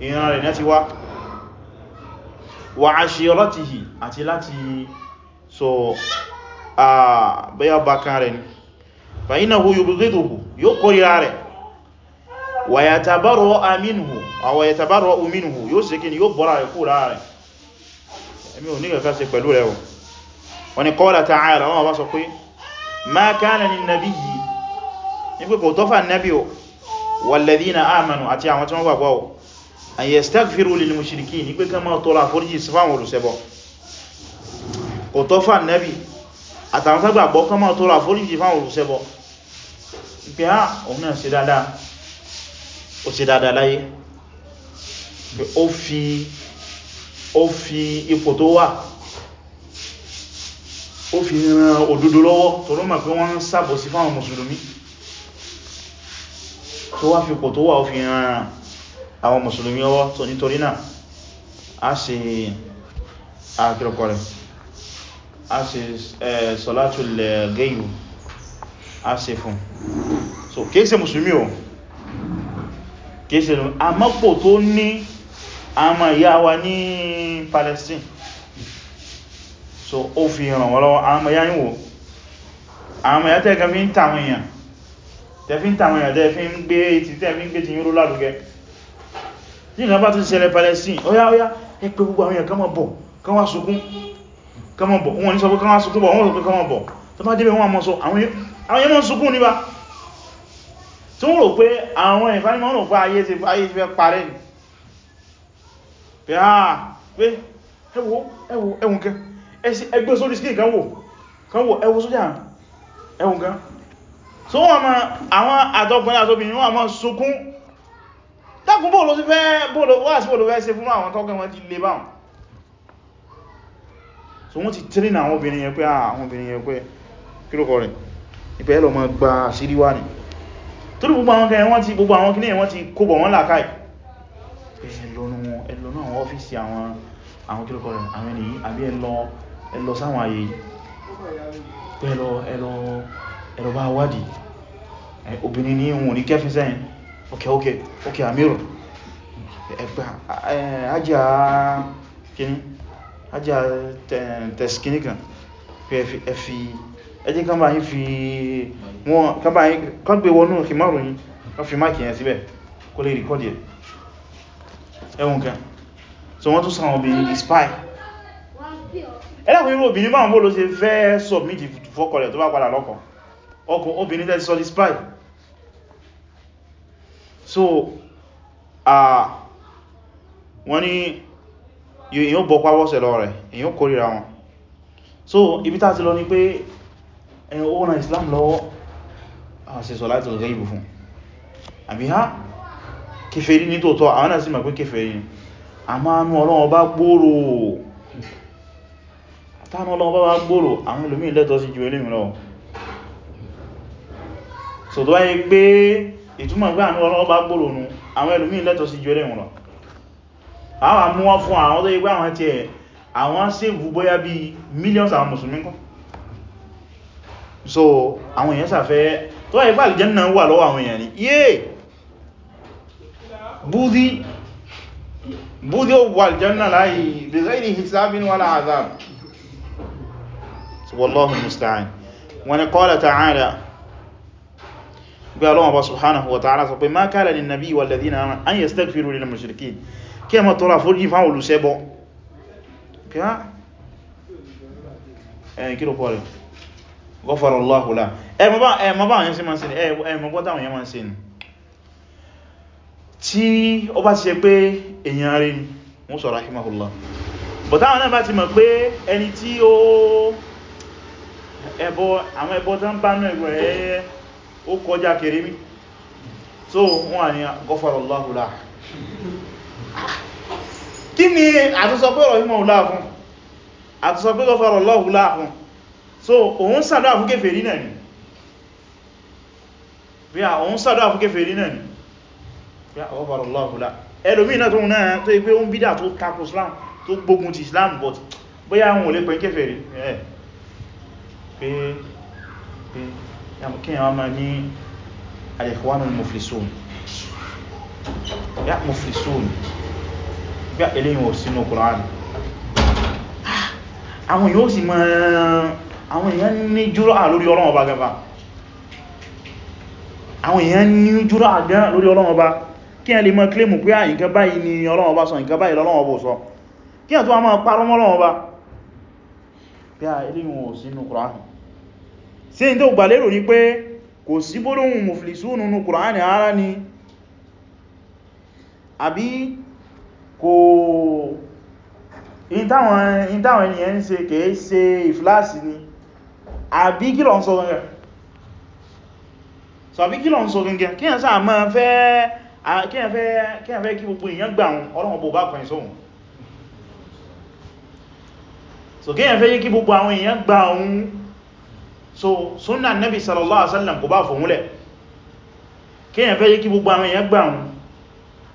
A: ìran rẹ̀ wa ashiratihi àti láti so a bayan bakan rẹ̀ ni fàyínàwó yubghiduhu yóò kórìíra rẹ̀ wa yatabarra'u minhu wa yatabarra'u minhu yóò ṣe kí ni yóò bọ́ra rẹ̀ kúrò rẹ̀ èmi ò ní kẹ́kẹ́ ṣe pẹ̀lú rẹ̀ wọ́n ni qala ta'ala wọ́n bá sọ pé ma kana lin-nabiyyi ní pé tọ́fà nabi o walladhina amanu àti àwọn tí wọ́n gbàgbọ́ o an yastaghfiru tó gbàgbọ́ ká fáwọn olùṣẹbọ pé á ah, òun náà ṣe dáadáa ó ṣe dáadáa láyé pé ó fi ó fi ipò tó wà ó fi ran òdodo lọ́wọ́ torí mọ̀ pé wọ́n ń sàbọ̀ sí fáwọn mùsùlùmí tó wá fi ipò tó wà ó fi ran àwọn mùsùlùmí lọ́wọ́ tó nítorí náà a ṣe àkírọkọ rẹ̀ a ṣe eh, sọ́látùl gẹ́yù a ṣe fún so kéèsè musulmi o kéèsè lọ àmọ́pò tó ní àmà ìyá wa ní Palestine so ó fi ràn wọ́n lọ́wọ́ àmà ìyá yíwò àmà ìyá tẹ́ẹ̀kan fi ń tàwọn èèyàn tẹ́fí ń tàwọn èèyàn tẹ́fí ń gbé ti tẹ́fí ń gbé ti yúrò lálùgẹ́ ní ìrìnàbá tó ṣẹlẹ̀ Palestine óyá óyá ẹ pé gbogbo àwọn èèyàn kan mọ̀ bọ̀ kan wá sunkún kan mọ̀ bọ̀ wọn ní sọ pé kan wá sunkún bọ̀ wọn sọ pé kan tó bá débẹ̀ wọn mọ̀ sọ àwọn èèyàn mọ̀ sunkún níbà tó rò pé àwọn ìfánimọ̀ rò pé ayé ti ayé fẹ́ parẹ́ ni pé àà ah, pé ẹwọ ẹwọ ẹwùn kẹ ẹgbẹ́ sórí skí kan wò kan wò ẹwọ sójà ẹwùn kan so wọ́n ma àwọn àtọkùnrin àtobìnrin wọ́n ma sunkún dákùn bóòlò sí fẹ́ bóòlò wà sí bóòlò fẹ́ ṣe fún àwọn tọ́kùn wọn ti lè báwọn so wọ́n ti ah, ma gba síríwá ni torí gbogbo àwọn kẹrin wọ́n ti gbogbo àwọn kìnnìyàn wọ́n ti kóbọ̀ wọ́n làkáì ẹlọ́nà àwọn ọ́fíìsì àwọn kílùkọ́ rẹ̀ àwọn ẹni àbí ẹlọ sáwọn àyè pẹ́lọ ẹlọ bá wádìí obìnrin ní ìwọ̀n ní kẹfí sẹ́yìn okay okay ẹjí kan bá yí fi wọn kan gbé wọnú kìmọ̀rù yí kan fi máàkì yẹn síbẹ̀ kó lè rìkọ́dì ẹ̀ ẹwùn kan so wọ́n tún sáwọn obìnrin di spy ẹlẹ́kùnrin obìnrin máa ń bó ló ṣe fẹ́ submit fọ́kọ rẹ̀ tó bá padà lọ́kọ ọkọ obìnrin tẹ́ ti sọ di spy so wọ́n ní èyàn bọ̀ pàwọ́sẹ̀ lọ rẹ̀ èyàn kórìíra wọn so ibi tá ti lọ ni pé ẹ̀yìn ó ràn islam lọ́wọ́ àṣẹ sọ̀látùl gáìbù fún àbí ha kèfèrí ní tòótọ́ àwọn náà sì mọ̀ pé kèfèrí a máa nú Ọlọ́run bá gbòòrò tánú Ọlọ́run bá bá gbòòrò àwọn ìlúmí lẹ́tọ́ sí ju eléyìn lọ so tó wáyé pé ìtumọ̀ pé àánú Ọlọ́run bá gbòòrò nù àwọn ìlúmí lẹ́tọ́ sí ju eléyìn lọ àwọn àmúwọ́ fún àwọn tó yí pé àwọn tí ẹ̀ àwọn sèvù bóyá bí millions àwọn mùsùlùmí kan so àwọn èèyàn sàfẹ́ tó wáyé bá aljanna wà lọ́wọ́ àwọn èèyàn ni yé búdí búdí ó wà aljanna láyé bí ghairi hisabin wala azab wallahu musta'an wa ni qala ta'ala bí alọ́wọ́ bá subhanahu wa ta'ala sọ pé ma kana lin nabi wal ladhina amanu an ghafara Allahu lahu ẹmọ bá yẹn sí máa ń ṣe ní ẹmọ gbọ́dá àwọn yẹn ti ṣe pé èyàn rí ni wọ́n sọ rahimahullah but àwọn náà bá ti mọ̀ pé ẹni tí ó ẹbọ àwọn ẹbọ tán bá náà ẹgbẹ̀ ẹ̀ ó kọjá kéré mi so wọ́n à ní ghafara Allahu lahu kí ni àtúsọ pé rahimahullah fún àtúsọ pé ghafara Allahu lahu fún so òun sàdọ́ fún kèfèrí náà ni bí i òun sàdọ́ fún kèfèrí náà ni bí i ọ̀bọ̀rọ̀ lọ́wọ́lá ẹlòmí náà tó náà tó ipé ó ń bídà tó tako Islam tó gbógun ti Islam but bóyá àwọn olè pẹ̀ kèfèrí ẹ̀ pé kíyàn máa ní al-ikhwanul muflisun ya muflisun bí i eléyìn ò sínú Kùránì ah, àwọn yóò sì máa àwọn èèyàn ní jùrọ̀ lórí ọlọ́run ọba gaba àwọn èèyàn ní jùrọ̀ àgbẹ́ràn lórí ọlọ́run ọba kí ẹ lè mọ́ kílèmù pé ah, nǹkan báyìí ni ọlọ́run ọba sọ nǹkan báyìí lọ́lọ́run ọba sọ kí ẹ tó máa parọ́ mọ́ ọlọ́run ọba pé à ah, ilé ìwọ̀n sínú kùránì sí ní tó gbà lérò ní pé ni àbí kò ìtàwọn ènìyàn ń ṣe kèé ṣe ìfìláàsì ni àbí kí lọ ń sọ gẹngẹ so àbí kí lọ ń sọ gẹngẹ kí yàn sáà máa fẹ́ kí yàn fẹ́ kí gbogbo èèyàn gbà wọn ọlọ́wọ́ bó bá kọ̀yìn sóhun so kí yàn fẹ́ kí gbogbo àwọn èèyàn gbà wọn so súnà Nabi sallallahu alaihi wasallam kò bá fòun lẹ̀ kí yàn fẹ́ kí gbogbo àwọn èèyàn gbà wọn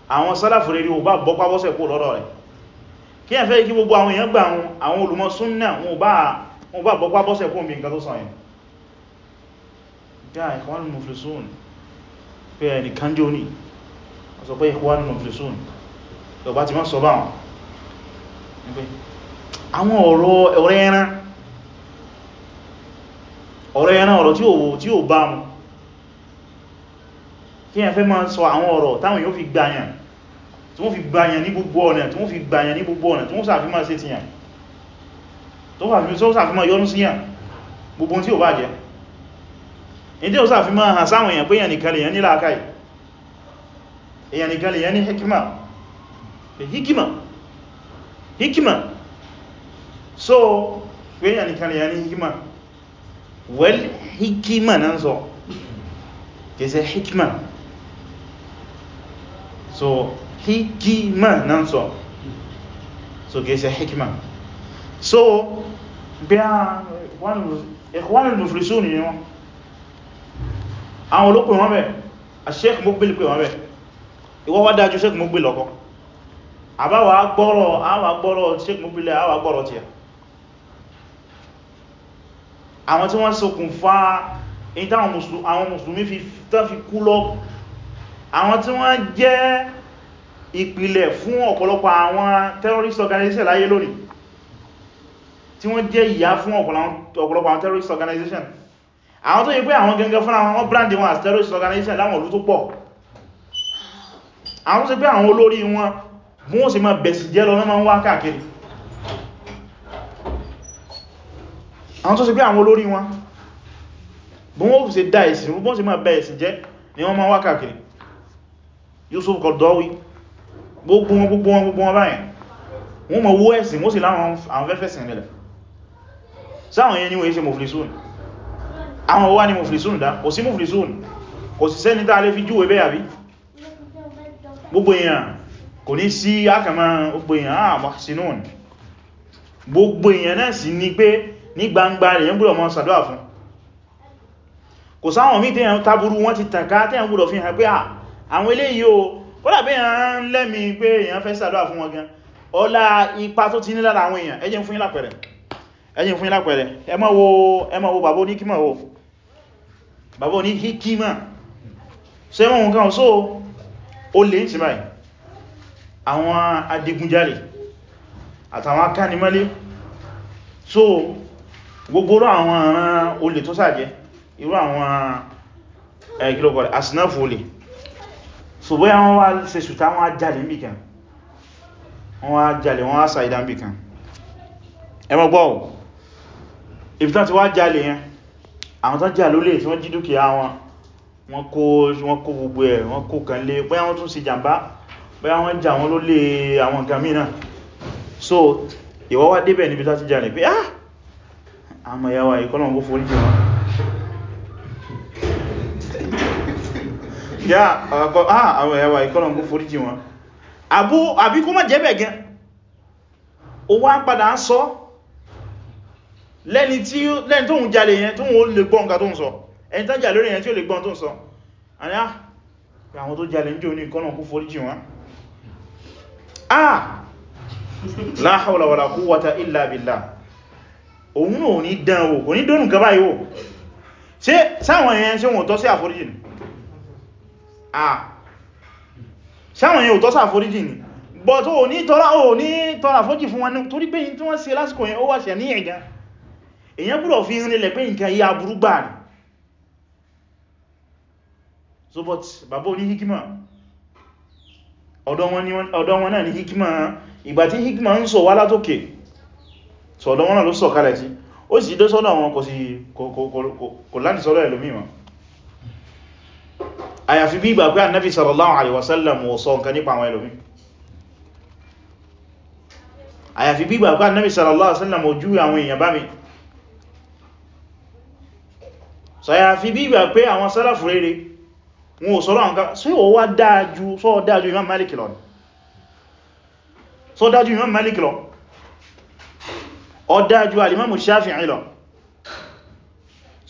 A: àwọn sálàfù rere ò bá bọ́pá bọ́sẹ̀ kó lọ́rọ̀ rẹ̀ kí yàn fẹ́ kí gbogbo àwọn èèyàn gbà wọn àwọn olùmọ̀ súnà wọn ò bá wọ́n bá bọ́pá bọ́sẹ̀ kún mi nǹkan tó sàn yẹn bí i Ikhwanul Muflisun pé ẹnìkan jẹ́ òní wọ́n sọ pé Ikhwanul Muflisun lọ́bá ti má sọ bá wọn àwọn ọ̀rọ̀ ọ̀rẹ́ ẹran ọ̀rọ̀ ẹran ọ̀rọ̀ tí ó tí ó bá mu kí ẹ fẹ́ máa sọ àwọn ọ̀rọ̀ táwọn yóò fi gbàyàn tí wọ́n fi gbàyàn ní gbogbo ọ̀nà tí wọ́n fi gbàyàn ní gbogbo ọ̀nà tí wọ́n sàfí máa ṣe tìyàn tó wà fi sọ́sà fi máa yọ́nú síyàn gbogbo tí ò bá jẹ́ ìdí ò sáà fi máa hàn sáwọn èèyàn pé èèyàn nìkan lèèyàn ní làákàí èèyàn nìkan lèèyàn ní hikima hikima hikima so pé èèyàn nìkan lèèyàn ní hikima well hikima náà sọ kẹsẹ̀ hikima so hikima náà sọ so kẹsẹ̀ hikima so, so bí a Ikhwanul Muflisun ni wọ́n àwọn olópin wọ́n bẹ̀ a Sheikh Muqbil pé wọ́n bẹ̀ ìwọ́ wá dájú Sheikh Muqbil lọ́kọ́ àbáwà gbọ́rọ̀ àwà gbọ́rọ̀ Sheikh Muqbil àwà gbọ́rọ̀ tí àwọn tí wọ́n sokùn fa ìta àwọn mùsùlùmí fi tán fi kú lọ àwọn tí wọ́n jẹ́ ìpìlẹ̀ fún ọ̀pọ̀lọpọ̀ àwọn terrorist organization láyé lónìí tí wọ́n jẹ́ ìyá fún ọ̀pọ̀lọpọ̀ àwọn terrorist organization àwọn tó yí pé àwọn gẹ́gẹ́ fún àwọn brand wọn as terrorist organization láwọn olú tó pọ̀ àwọn tó sì pé àwọn olórí wọn mú sí ma bẹ̀sì jẹ́ lọ náà wá káàkiri àwọn tó sì pé àwọn olórí wọn bí wọ́n sì dá ìsìn rú bọ́n sì ma bẹ̀sì jẹ́ ni wọ́n ma wá káàkiri Yusuf Qaradawi gbogbo wọn gbogbo wọn gbogbo wọn báyìí wọ́n ma wó ẹ̀sìn wọ́n sì láwọn àwọn fẹ́fẹ́sìn rẹ̀ sáwọn yẹn ni wọ́n ṣe muflisun àwọn wá ní muflisun dá kò sí muflisun kò sí sẹ́ni tá lè fi júwe bẹ́ àbí gbogbo èèyàn kò ní sí ákàmà gbogbo èèyàn àà ah, muhsinun gbogbo èèyàn náà sì ní pé ní gbangba rẹ̀ yẹn gbọ́dọ̀ mọ́ sàdọ́à fún kò sáwọn mí tẹ́yàn tábúrú wọ́n ti tànká tẹ́yàn gbọ́dọ̀ fi hàn pé ah, èèyàn ń lẹ́mi ẹjìn fún ìlápẹ̀ẹ̀rẹ̀ ẹ máa wo ẹ máa wo bàbá oníkímọ̀ wo bàbá oní hikima so ẹmọ̀ ohun kan so o lè ń ti báyìí àwọn adigunjalè àtàwọn akánimọ́lé so gbogbo orú àwọn ọ̀ràn olè tó sàjẹ́ irú àwọn ẹgbẹ̀lọpọ̀ asinafu olè so bóyá wọ́n wá ṣe ṣùtá wọ́n á jalè níbìkan wọ́n á jalè wọ́n á sa ìdánbìkan ẹ máa gbọ́ ibi tán ti wá jalè yẹn àwọn tán jà lólè tí wọ́n jí dúkìá wọn wọ́n kó wọ́n kó gbogbo ẹ̀ wọ́n kó kan lé bóyá wọ́n tún sí jàmbá bóyá wọ́n jà wọ́n lólè àwọn nǹkan mìíràn so ìwọ wá débẹ̀ níbi tán ti jalè pé ah àmọ́ ìyá wa ìkọ́lọ̀ kó forí jì wọ́n yá ah, àwọn ìyá wa ìkọ́lọ̀ kó forí jì wọ́n àbí kó má jẹ́bẹ̀ gan ó wá padà ń sọ lẹ́ni tí lẹ́ni tó ń jalè yẹn tó ń lè gbọ́n nǹkan tó ń sọ ẹni tán jà lórí yẹn tí ó lè gbọ́n tó ń sọ àníá ah, àwọn tó jalè ń jò ní ìkọ́nà kú forí jì wọ́n ah la hawla wala quwwata illa billah òun náà ní dán wò kò ní dónù kan báyìí wò ṣe sáwọn yẹn ṣe wọ́n tọ́ sí àforíjì ni ah sáwọn yẹn ò tọ́ sí àforíjì o ní tọ́ra àforíjì fún wọn torí pé yìí tí wọ́n ṣe lásìkò yẹn ó wà ṣẹ̀ ní ẹ̀gán èyàn búrọ̀ fi ń rílẹ̀ pé nǹkan yí aburú gbà ní so but bàbá oní hikima ọ̀dọ̀ wọn náà ni hikima ìgbà tí hikima ń sọ wá látókè so ọ̀dọ̀ wọn náà ló sọ kalẹ̀ sí ó sì dé sọ́dọ̀ wọn kò sí kò láti sọ́dọ̀ ẹlòmíì mọ́ àyàfi bí ìgbà pé annabi sallallahu alaihi wasallam wọ sọ nǹkan nípa àwọn ẹlòmíì àyàfi bí ìgbà pé annabi sallallahu alaihi wasallam ojú àwọn èèyàn bá mi sọ̀yà fi bí ìgbà pé àwọn sálàfù rere wọn ò sọ̀rọ̀ nǹkan sí o wá dájú sọ dájú Imam Malik lọ sọ dájú Imam Malik lọ ọ dájú alimamu Shafi'i lọ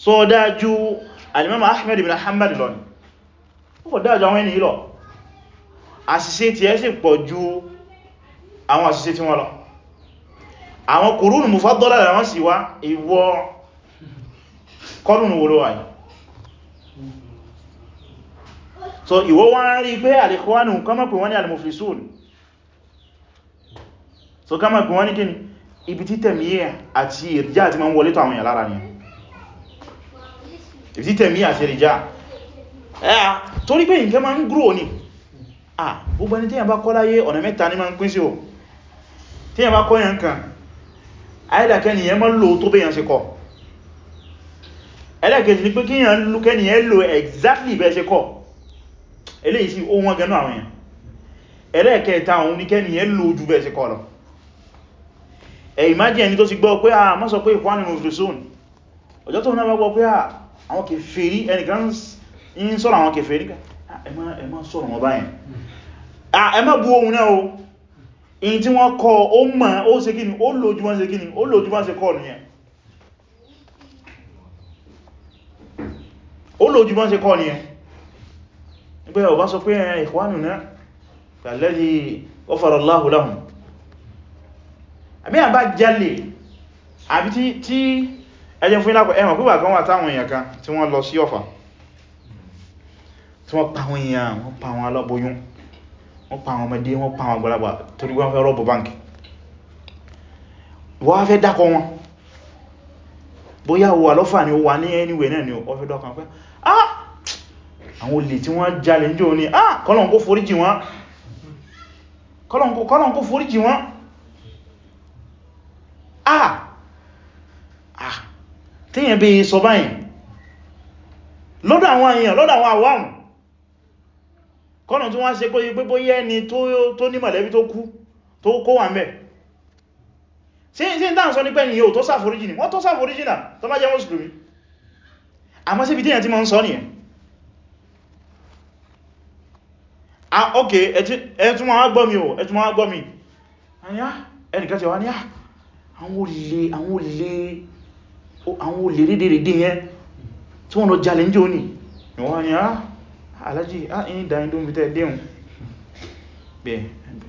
A: sọ dájú alimamu Ahmad ibn Hanbal lọ ọ dájú àwọn ẹni lọ àṣìṣe tí ẹ sì pọ̀ ju àwọn àṣìṣe tí wọ́n lọ àwọn kùrún mufaddala làwọn sì wá ìwọ kọ́dùn wo wà yìí so ìwọ wọ́n rí pé al-ikhwanu kọ́mọ̀ pé wọ́n ní al so kọ́mọ̀ pé wọ́n ní kíni ibi títẹ̀míyà àti ìrìjá àti ma ń wọlé tó àwọn ìyàlára ni ibi títẹ̀míyà àti ìrìjá torí pé nǹkan ma ah gbogbo ẹni tíyàn bá kọ́ láyé ọ̀nà mẹ́ta ní ma ń pín sí o tíyàn bá kọ́ ẹlẹ́kẹ̀ẹ́sì ni pé kí yàn lú kẹ́ni ẹ lò exactly bẹ́ẹ̀ ṣe kọ́ eléyìí sí ohun ọgẹ́nú àwọn èèyàn ẹlẹ́kẹ̀ẹ́ta òun ní kẹ́ni ẹ lò ojú bẹ́ẹ̀ ṣe kọ́ lọ ẹ imagine ẹni tó ti gbọ́ pé a má sọ pé ìkwáni mọ̀fẹ́sọ́n ọjọ́ tó náà gbọ́ pé àwọn kèfèrí ẹnìkan ń sọ̀rọ̀ àwọn kèfèrí ẹ má sọ̀rọ̀ wọn báyìí ẹ má bú ohun náà o in tí wọ́n kọ ó mọ̀ ó ó lójú bọ́n ṣe kọ́ ní ẹ nígbẹ́ ọba sọ pé ẹ̀yẹn ikhwanuna alladhi ghafara Allahu lahum àbí àbá jálè àbí tí ẹjẹ́ fún ìlàpọ̀ ẹ̀mọ̀ púpà kan wà táwọn èèyàn kan tí wọ́n lọ sí ọ̀fà tí wọ́n pa àwọn èèyàn wọ́n pa àwọn aláboyún wọ́n pa àwọn ọmọdé wọ́n pa àwọn olè tí wọ́n jalè ní jò ní ah kọ́lọ̀n kó foríjì wọ́n kọ́lọ̀n foríjì wọ́n ah ah tíyàn bí sọ báyìí lọ́dọ̀ àwọn èèyàn lọ́dọ̀ àwọn àwọ̀n kọ́nà tí wọ́n ṣe kó yí pépó yẹ́ ni tó ní mọ̀lẹ́bí tó kú tó kó wà mẹ́ sí ìsìn dáhùn sọ ní pẹ́ ni yóò tó ṣàforíjì ni wọ́n tó ṣàforíjì náà tó bá jẹ́ mùsùlùmí àmọ́ sí ibi tí èèyàn ti máa ń sọ nìyẹn ah ok ẹ̀tùmọ̀ agbọ́mi o ẹ̀tùmọ̀ agbọ́mi ẹnìkan tẹ̀wà ní ah, àwọn olè rédèrèdè yẹn tí wọ́n lọ jalè ní òní ìwọ́n ni alájì ní ìdáyìn tó ń fi tẹ́ déhùn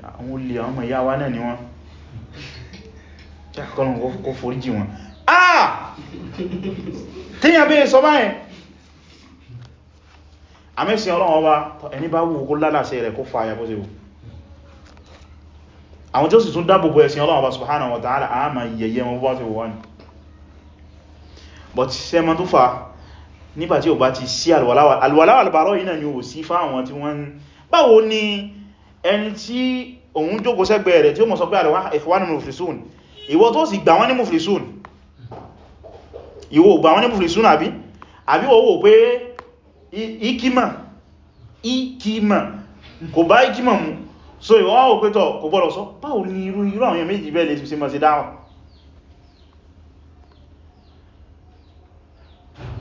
A: àwọn olè àwọn ọmọ ìyá wa náà ni wọ́n àmẹ́sìn ọlọ́run ọba ẹni bá wù kó lálàṣẹ rẹ̀ kó fàyà bó ṣe wù àwọn tí ó sì tún dábòbò ẹ̀sìn ọlọ́run ọba subhanahu wa ta'ala a ma yẹyẹ wọn bá ṣe wù wọ́n but ṣe ma tó fa nígbàtí ò bá ti sí alwàláwà alwàláwà albarọ́ yìí náà ni ò sí fáwọn tí wọ́n báwo ni ẹni tí òun jókòó sẹ́gbẹ̀ẹ́ rẹ̀ tí ó mọ̀ sọ pé ikhwanu muflisun ìwọ tó sì gbà wọ́n ní muflisun ìwọ gbà wọ́n ní ikima ikima kò bá ikima mu so ìwọ́n wọ́n pẹ́tọ̀ kò bọ́rọ̀ sọ báwo ni irú irú àwọn méjì bẹ́ẹ̀ lè ṣe máa ṣe dáwà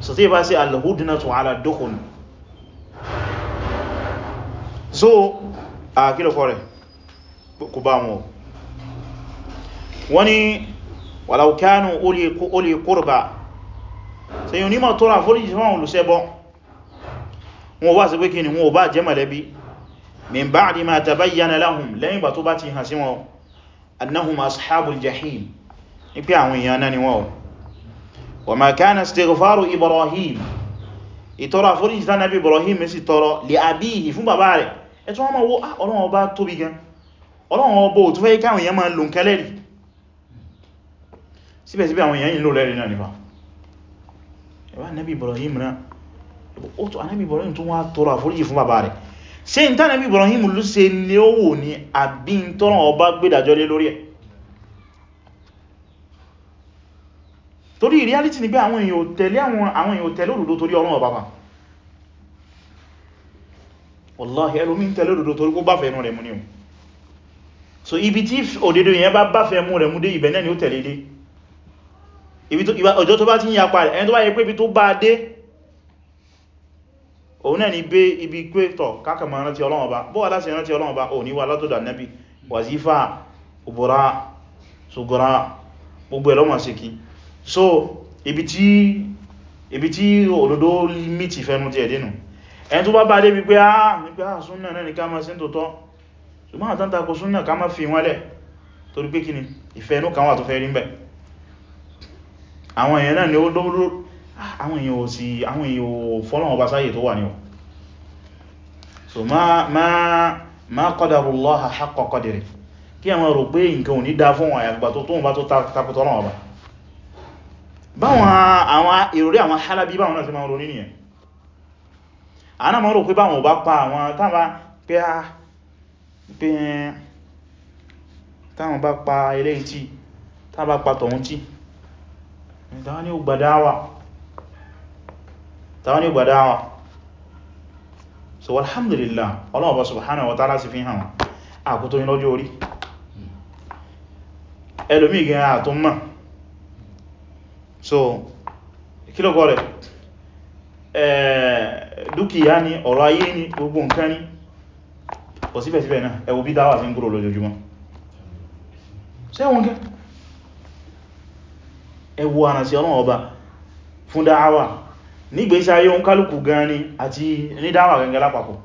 A: so tí bá sí alhudnatu ala dukhun so a kílò kọ́ rẹ̀ kò bá wọn wani walau kanu uli qurba sai yunima tora forí jifan olùsẹ́bọ́ wọn wá sí pé kí ni wọn ò bá jẹ́ mọ̀lẹ́bí min ba'di ma tabayyana lahum lẹ́yìn bá tó bá ti hàn sí wọn annahum ashabul jahim ní pé àwọn èèyàn náà ni wọ́n wa ma kana istighfaru ibrahim ìtọrọ àforíjì tánà bí ibrahim sí tọrọ li abihi fún bàbá rẹ̀ ẹ̀tọ́ wọn ma wo ah, ibrahim náà anábì Ibrahim tó wá tọrọ àforíjì fún bàbá rẹ̀ ṣe n tánàbí Ibrahim ló ṣe ní owó ní àbí n tọ́rọ ọba gbédàjọ́ lé lórí ẹ̀ torí reality ni pé àwọn èèyàn tẹ̀lé àwọn èèyàn tẹ̀lé òdodo torí ọ̀rọ̀ ọba pa wallahi ẹlòmí ń tẹ̀lé òdodo torí kó bá fẹ̀ẹ́nù rẹ̀ mú ní o so ibi tí òdodo yẹn bá bá fẹ̀ẹ́mú rẹ̀ mú dé ibẹ̀ náà ni ó tẹ̀lé dé ọjọ́ tó bá ti ń yapa rẹ̀ ẹni tó bá yẹ pé ibi tó bá dé òun náà ni bé ibi pé tọ̀ kákàmà rántí ọlọ́wọ́ bá bọ́ aláṣẹ rántí ọlọ́wọ́ bá òní wà látọ̀dà nẹ́bí wàzífà òbúra gbogbo ẹ̀lọ́mà sí so ibi tí òdòdó mítì fẹ́nu ti ẹ̀dínù fi nwale torí pé kí ni ìfẹ́ inú kan wà tó fẹ́ rí ń àwọn èèyàn ò sí àwọn èèyàn ò fọ́lọ̀wọ̀n bá sáyè tó wà ní ọ̀ so ma ma ma qadarullaha haqqa qadri kí a máa rò pé nǹkan ò ní dá fún àyàgbà tó tóun bá tó takọtọ́ náà bá báwọn àwọn ìròrí àwọn halabi báwọn náà ti máa ronú nìyẹn àná máa rò pé báwọn ò bá pa àwọn tábà pé a pé táwọn bá pa eléyìí tí tábà pa ni ó gbàdáwà tàwọn ní gbàdá wọn so alhamdulillah Ọlọ́run Ọba subhanahu wa ta'ala sì fi hàn àkútó ní lọ́jọ́ orí ẹlòmí gan àtún mọ̀ so kílọ̀kọ́ rẹ̀ dúkìá ni ọ̀rọ̀ ayé ni gbogbo nǹkan ni kò síbẹ̀síbẹ̀ náà ẹwọ bí dáwà sí ń gúrò lójoojúmọ́ fún dáwà nígbèsí ayé oún kálùkù gan ni àti ní dáwà gangan lápapọ̀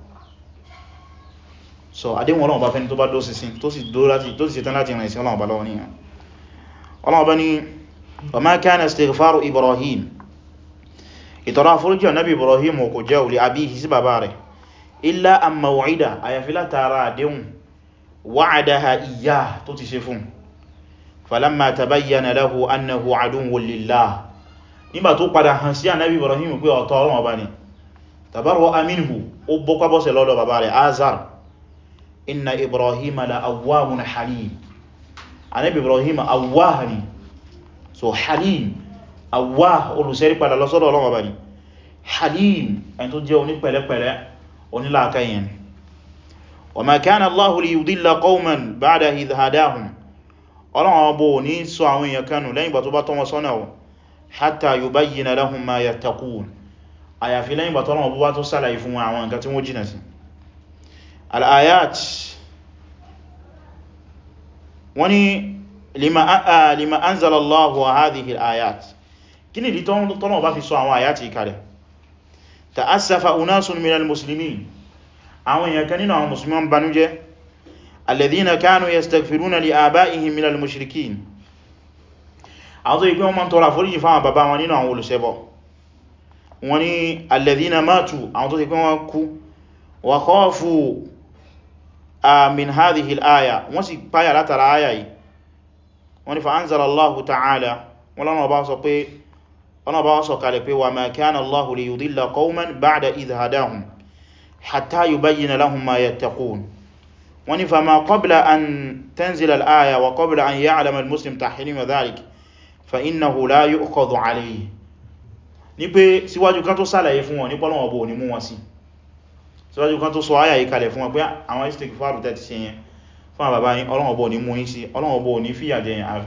A: so adéhùn ọlọ́run bá fẹ́ni tó bá dóṣinṣin tó sì dó láti tó sì tán láti rìn sí ọlọ́run bá lọ́wọ́ níyàn ọlọ́run bá ní wa ma kana istighfaru Ibrahim ìtọrọ àforíjì ọ̀nàbí Ibrahim kò jẹ́ òlì abihi sí bàbá rẹ̀ illa an lillah nígbà tó padà hàn sí ànábì Ibrahim pé ọ̀tọ̀ Ọlọ́run ọba ni tabarwa aminhu ó bọ́kwá bọ́sẹ̀ lọ́dọ̀ bàbá rẹ̀ azar inna Ibrahim la awwahun halim ànábì Ibrahim awwahani so halim awwah olùsẹ́rí padà lọ́sọ́dọ̀ Ọlọ́run ọba ni halim ẹni tó jẹ́ oní pẹ̀lẹ́pẹ̀lẹ́ onílàákàyẹn وما كان الله ليضل قوما بعد إذ هداهم Ọlọ́run ọbọ̀ ní sọ àwọn èèyàn kanù lẹ́yìn bàtọ́ hatta yubayyina lahum ma yattaqun àyàfi lẹ́yìn bàtọ́ náà búbá tó sàlàyé fún àwọn nǹkan tí wọ́n jìnà sí al'ayat wani lima anzala Allahu wa hadhihi al'ayat kí ni tọ́nà bá fi sọ àwọn àyàt yìí kalẹ̀ ta'assafa unasun min al-muslimin àwọn èèyàn kan nínú àwọn musulman banújẹ́ alladhina kanu yastaghfiruna li aba'ihim min al-mushrikin àwọn ìgbé wọn ma ń tọrọ àforíjì fáwọn bàbá wọn nínú àwọn olùṣẹbọ wọn ni alladhina matu àwọn tó ti pé wọn kú wa khafu min hadhihi al-aya wọ́n sì páyà látara àyà yìí wọ́n ni fa anzala ta'ala wọ́n lọ́nà ọba sọ pé ọ̀nà ọba sọ kalẹ̀ pé wa ma kana Allahu li yudilla qauman ba'da idh hadahum hatta yubayyina lahum ma yattaqun wọ́n ni fa ma qabla an tanzila al-aya wa kọbla an yi alamar muslim ta hini wa zariki fa innahu la yu'khadhu alayhi ní pé síwájú kan tó sàlàyé fún wọn ní pọ́lọ̀wọ̀ bò ní mú wọn sí síwájú kan tó sọ ayà yìí kalẹ̀ fún wọn pé àwọn istighfar tẹ́ ti ṣe yẹn fún àbàbá yìí ọlọ́wọ̀ ní mú yín sí ọlọ́wọ̀ ní fìyà jẹ yẹn àfi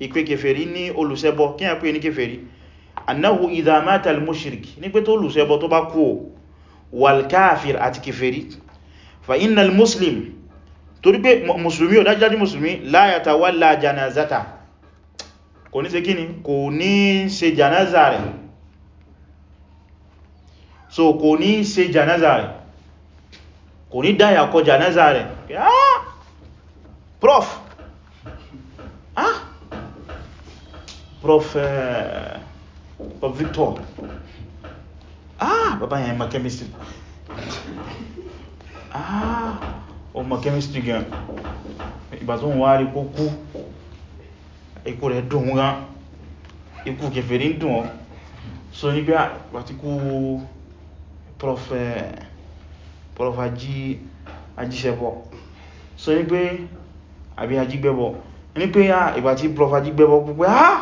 A: ìpé kèfèrí ní olùṣẹbọ kí a pè ní kèfèrí annahu idha mata al-mushrik ní pé tó olùṣẹbọ tó bá kú wal kafir àti kèfèrí fa inna al-muslim torí pé musulmi ò musulmi la yatawalla janazata kò ní ṣe kíni kò ní ṣe janaza rẹ̀ so kò ní ṣe janaza rẹ̀ kò ní dáyàkọ janaza rẹ̀ ah! prof prof prof Victor ah bàbá yẹn ma chemistry ah o ma chemistry gan ìgbà tó ń wá rí kó kú ikú rẹ̀ dùn gan ikú kèfèrí ń dùn ọ́ so níbi àtíkú prof prof ají ajíṣẹ́bọ̀ so ní pé àbí ajígbẹ́bọ̀ ní pé ìgbà tí prof ajígbẹ́bọ̀ púpẹ́ ah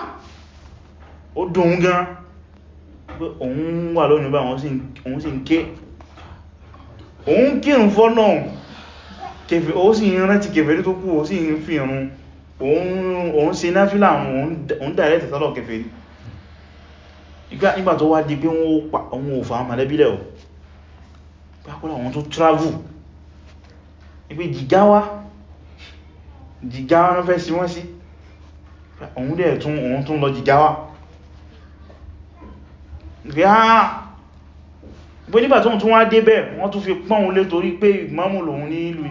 A: ó dùn gan pé òun wà lónìí bá òun sì ń ké òun kírùn fọ́nà kèfèrí ó sì ń rántí kèfèrí tó kú ó sì ń fi ìrun òun ṣe náfílà òun dàrẹ́ tẹ̀tọ́lọ̀ kèfèrí nígbà tó wá di pé wọ́n ò fà á mọ̀lẹ́bílẹ̀ dẹ̀ tún lọ jìgáwá pé ah, nígbà tóhun tún wá débẹ̀ wọ́n tún fi pọ́n lé torí pé ìmámù lòun ní ìlú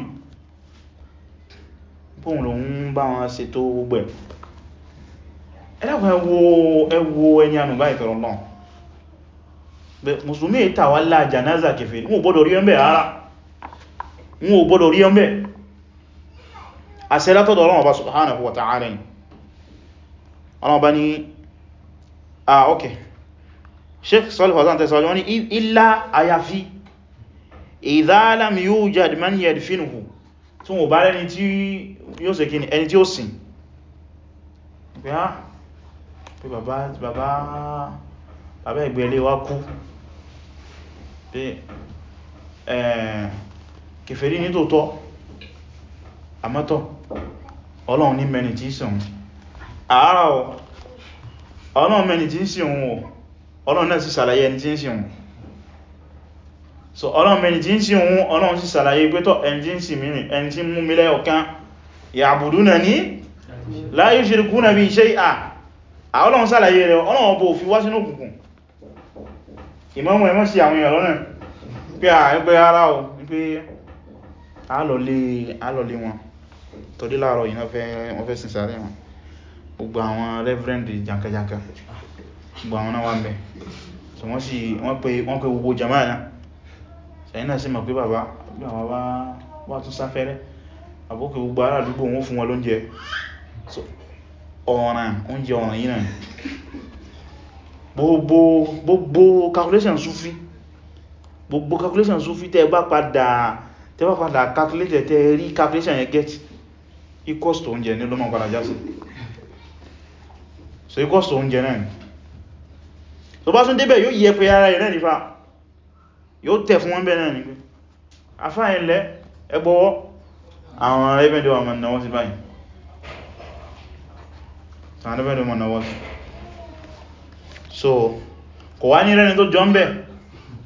A: ìpóhun lòun bá wọn ṣètò gbogbo ẹ̀ ẹlẹ́kùn ẹwọ ẹni ànù bá ìfẹ̀rọ náà mùsùlùmí ìtàwálà jànáza kèfèrí wọn ò gbọ́dọ̀ rí ẹmbẹ̀ ara wọn ò gbọ́dọ̀ rí ẹmbẹ̀ àṣẹ látọ̀dọ̀ Ọlọ́run Ọba subhanahu wa ta'ala ni Ọlọ́run Ọba ni ah okay sheikh salih fazan tẹ́sàwọ́lẹ̀ wọ́n ni illa àyàfi idha lam yujad man yadfinuhu tí wọ́n bá rẹni tí yóò ṣe kíni ẹni tí ó sìn pé á ah, pé bàbá bàbá bàbá ìgbẹ̀lẹ̀ wá kú pé kèfèrí ní tòótọ́ àmọ́tọ̀ ọlọ́run ní mẹ́ni tí sìn òun àárá ọ ọlọ́run mẹ́ni tí sìn òun ò ọlọ́run náà sì sàlàyé ẹni tí ń so ọlọ́run mẹni tí ń sìn òun ọlọ́run sì sàlàyé pé tọ́ ẹni tí ń sìn mìírìn ẹni tí mú mi lẹ́yọ̀kan ya'budunani la yushrikuna bi shay'a ọlọ́run sàlàyé rẹ̀ ọlọ́run bó fi wá sínú òkùnkùn ìmọ́mù ẹmọ́ sí àwọn èèyàn lọ́nà pé à ń pé ara gbogbo àwọn náà wà mẹ́ so wọ́n sì wọ́n pè wọ́n pè gbogbo jama'a náà sẹ́yìn náà sí mọ̀ pé bàbá bí àwọn bá wà tún sáfẹ́rẹ́ àbókè gbogbo ará àdúgbò wọn fún wọn lóúnjẹ so ọ̀ràn oúnjẹ ọ̀ràn yìí náà gbogbo gbogbo calculation Sufi gbogbo calculation Sufi tẹ́ bá padà tẹ́ bá padà calculate tẹ́ rí calculation yẹn get equals to oúnjẹ ní ló mọ̀ padà jásí so equals to oúnjẹ náà tó bá tún débẹ̀ yóò yẹ pé ara rẹ̀ nífà yóò tẹ̀ fún wọn bẹ̀rẹ̀ ní pé afáyẹ̀lẹ́ ẹgbọ́wọ́ àwọn ará ẹbẹ̀dẹ̀ wà mọ̀ náwọ́ sí báyìí so kò wá ní rẹni tó jọ ń bẹ̀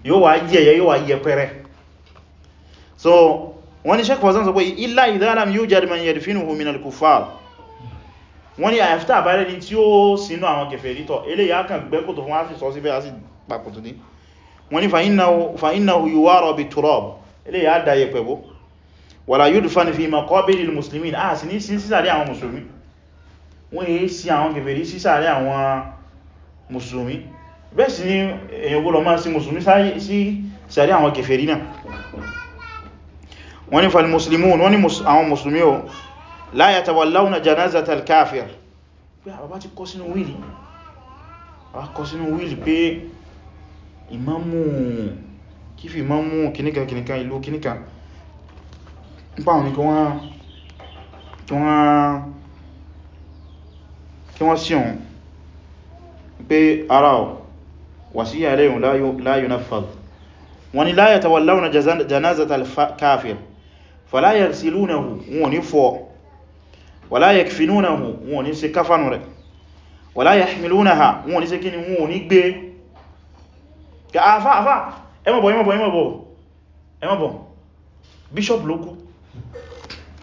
A: yóò wá yẹ̀yẹ yóò wá yẹpẹrẹ so wọ́n ni sẹ́kọ̀ọ́sán sọ pé illa idha lam yujad man yadfinuhu min al-kuffar wọ́n ní àyàfítà àbárẹ́ ni tí ó sínú àwọn kèfèrí tọ́ eléyà kan gbẹ́kòtò fún áfì sọ síbẹ̀ àti pàkòtò ní wọ́n ní fa innahu yuwara bi turab eléyà dáyẹ pẹ̀bó wala yudfan fi maqabiril muslimin a sì ní sí sísàrí àwọn musulmi wọ́n yí sí àwọn kèfèrí sísàrí àwọn musulmi bẹ́ẹ̀ sì ni èyàn gbọ́dọ̀ máa sí musulmi sí sàrí wọ́n ní fa muslimun wọ́n ní àwọn musulmi la yatawallawna janazata al-kafir pé ah, àbábá ti kọ sínú wíìlì àbá kọ sínú wíìlì pé ìmámù kífì ìmámù kìníkà kìníkà ìlú kìníkà ń pàwọn ní kí wọ́n sí òun pé ara ọ̀ wàsíyà lẹ́yìn la yunaffadh wọ́n ni la yatawallawna janazata al-kafir fala yarsilunahu wọ́n ni fọ́ wala yakfinunahu wọn ní ṣe káfánù rẹ̀ wala yahmilunaha wọn ní ṣe kí ni wọn ní gbé ka afá afá ẹmọ̀bọ̀ ẹmọ̀bọ̀ ẹmọ̀bọ̀ ẹmọ̀bọ̀ bishop lókú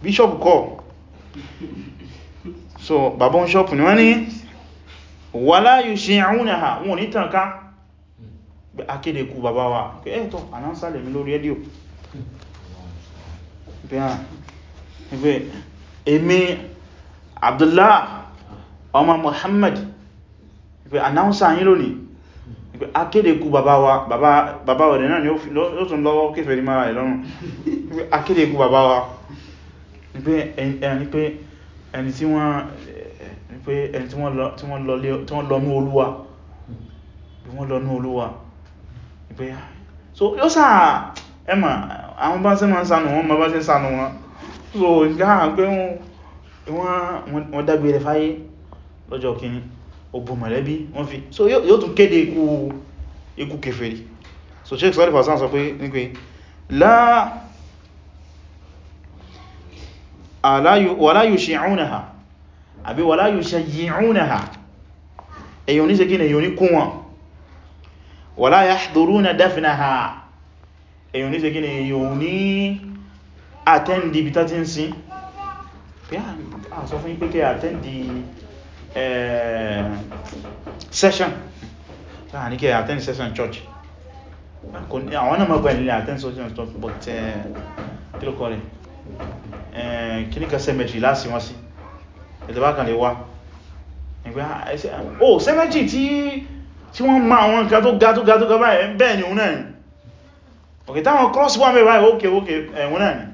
A: bishop kọ́ so babon shop ni wọ́n ní wala yushi'unaha wọn ní tànká akéde kú bàbá wa ẹ̀ẹ́tọ́ anánsálẹ̀ mi lórí Emi Abdullah ọmọ Muhammad ìpé announcer yìí lónìí ìpé akéde kú bàbá wa bàbá ọ̀dẹ̀ náà ni ó tún lọ́wọ́ kéfèrí mara ìlọ́run ìpé akéde kú bàbá wa ìpé ẹni tí wọ́n lọ ní olúwa wọ́n lọ ní olúwa ìpé so yóò sáà ẹmà àwọn bá ṣe máa ń ṣàánú wọn ma bá ṣe ń wọn so islam pé wọ́n dágbére fáyé lọ́jọ́ kìíní ogun mọ̀lẹ́bí wọ́n fi so yóò tún kéde ikú kèfèrí so sheik sọ́lẹ̀ fasan sọ pé nípe wàláyù ṣe'únaha àbí wàláyù ṣayyí'únaha èyàn ní sẹ́kí èyàn ní Attend ibi tán ti ń sin pé à sọ fún pé kẹ́ àtẹ́ndì eh, session láà ní kẹ́ attend session church àwọn náà mọ́gbà ilẹ̀ attend session church but eh, kí ló kọ́ rẹ̀ eh, kí ní kan sẹ́mẹ̀jì láti wọ́n sí ẹ̀dẹ̀bákan lè wá ó sẹ́mẹ̀jì oh, tí wọ́n ma àwọn nǹkan tó ga tó ga tó ga báyẹ̀ bẹ́ẹ̀ ni òun náà ni òkè táwọn cross one mẹ́rin báyẹ̀ ókè ókè ẹ̀wọ̀n náà ni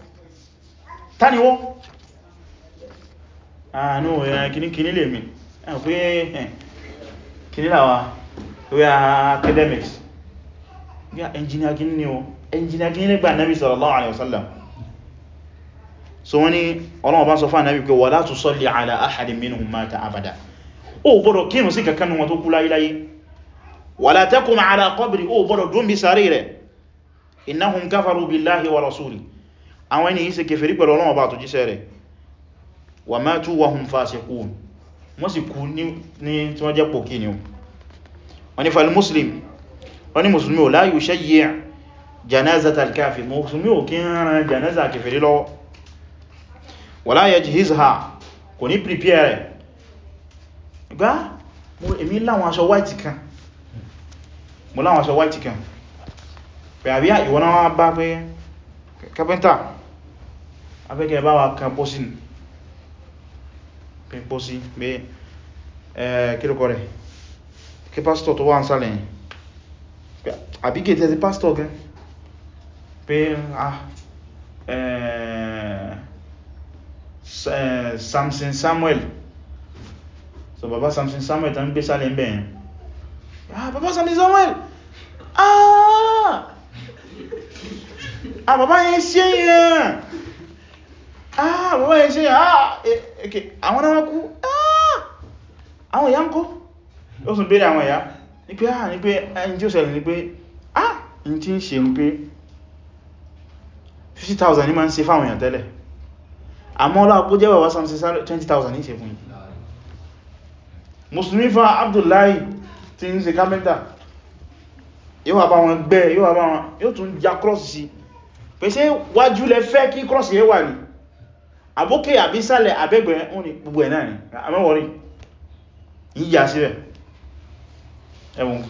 A: taniwọ́ àánú kìníkìní lè mi pé kìní làwà we are academics ya engineer kìní ni o engineer kìní nígbà nabi sallallahu alaihi wasallam so wani ọlọ́wọ́ bá sọ fún nabi pé wala tusalli ala ahadin minhum mata abada o gbọ́dọ̀ kírùn sí kankan wọn tó kú láyíláyí wala taqum ala qabri o gbọ́dọ̀ dún bí sáré rẹ̀ innahum àwọn ẹni yìí ṣe kèfèrí pẹ̀lú Ọlọ́run Ọba àtòjíṣẹ́ rẹ̀ wa matu wa hum fasiqun wọ́n sì kú ní tí wọ́n jẹ́ pòkí ni wọ́n ni fal muslim wọ́n ni musulmi ò la yushayyi' janazata al-kafir musulmi ò kí rán janaza kèfèrí lọ́wọ́ afẹ́kẹ́ bá wa kan pósí ní pín pósí pé kílùkọ rẹ̀ kí pásítọ̀ tó wà ń sálẹ̀ àbí kètẹ̀ sí pásítọ̀ gan pé ah Samson Samuel so bàbá Samson Samuel tán gbé sálẹ̀ ń bẹ̀yẹn ah bàbá Samson Samuel ah ah bàbá yẹn ṣe yẹn ah bàbá yẹn ṣe ah, eh, àwọn náà kú ah, àwọn ìyá ń kọ́ ó sùn bèèrè àwọn ìyá ní pé ah ní pé ẹni eh, tí ó ṣẹlẹ̀ ní pé ah ní tí ń ṣe ń pé 50,000 ní ma ń ṣe fáwọn èèyàn tẹ́lẹ̀ àmọ́ ọlá kó jẹ́ bàbá samson 20,000 ní ṣe fún yìí musulmi fa abdullahi tí ń ṣe kámẹ́ntà yóò wà bá wọn gbẹ́ yóò wà bá wọn yóò tún já cross sí pèsè wájú lẹ fẹ́ kí àbókè àbísàlẹ̀ àbẹ́gbẹ̀ ń ní gbogbo ẹ̀ náà ni àmọ́wọ̀rí yíya sílẹ̀ ẹwùn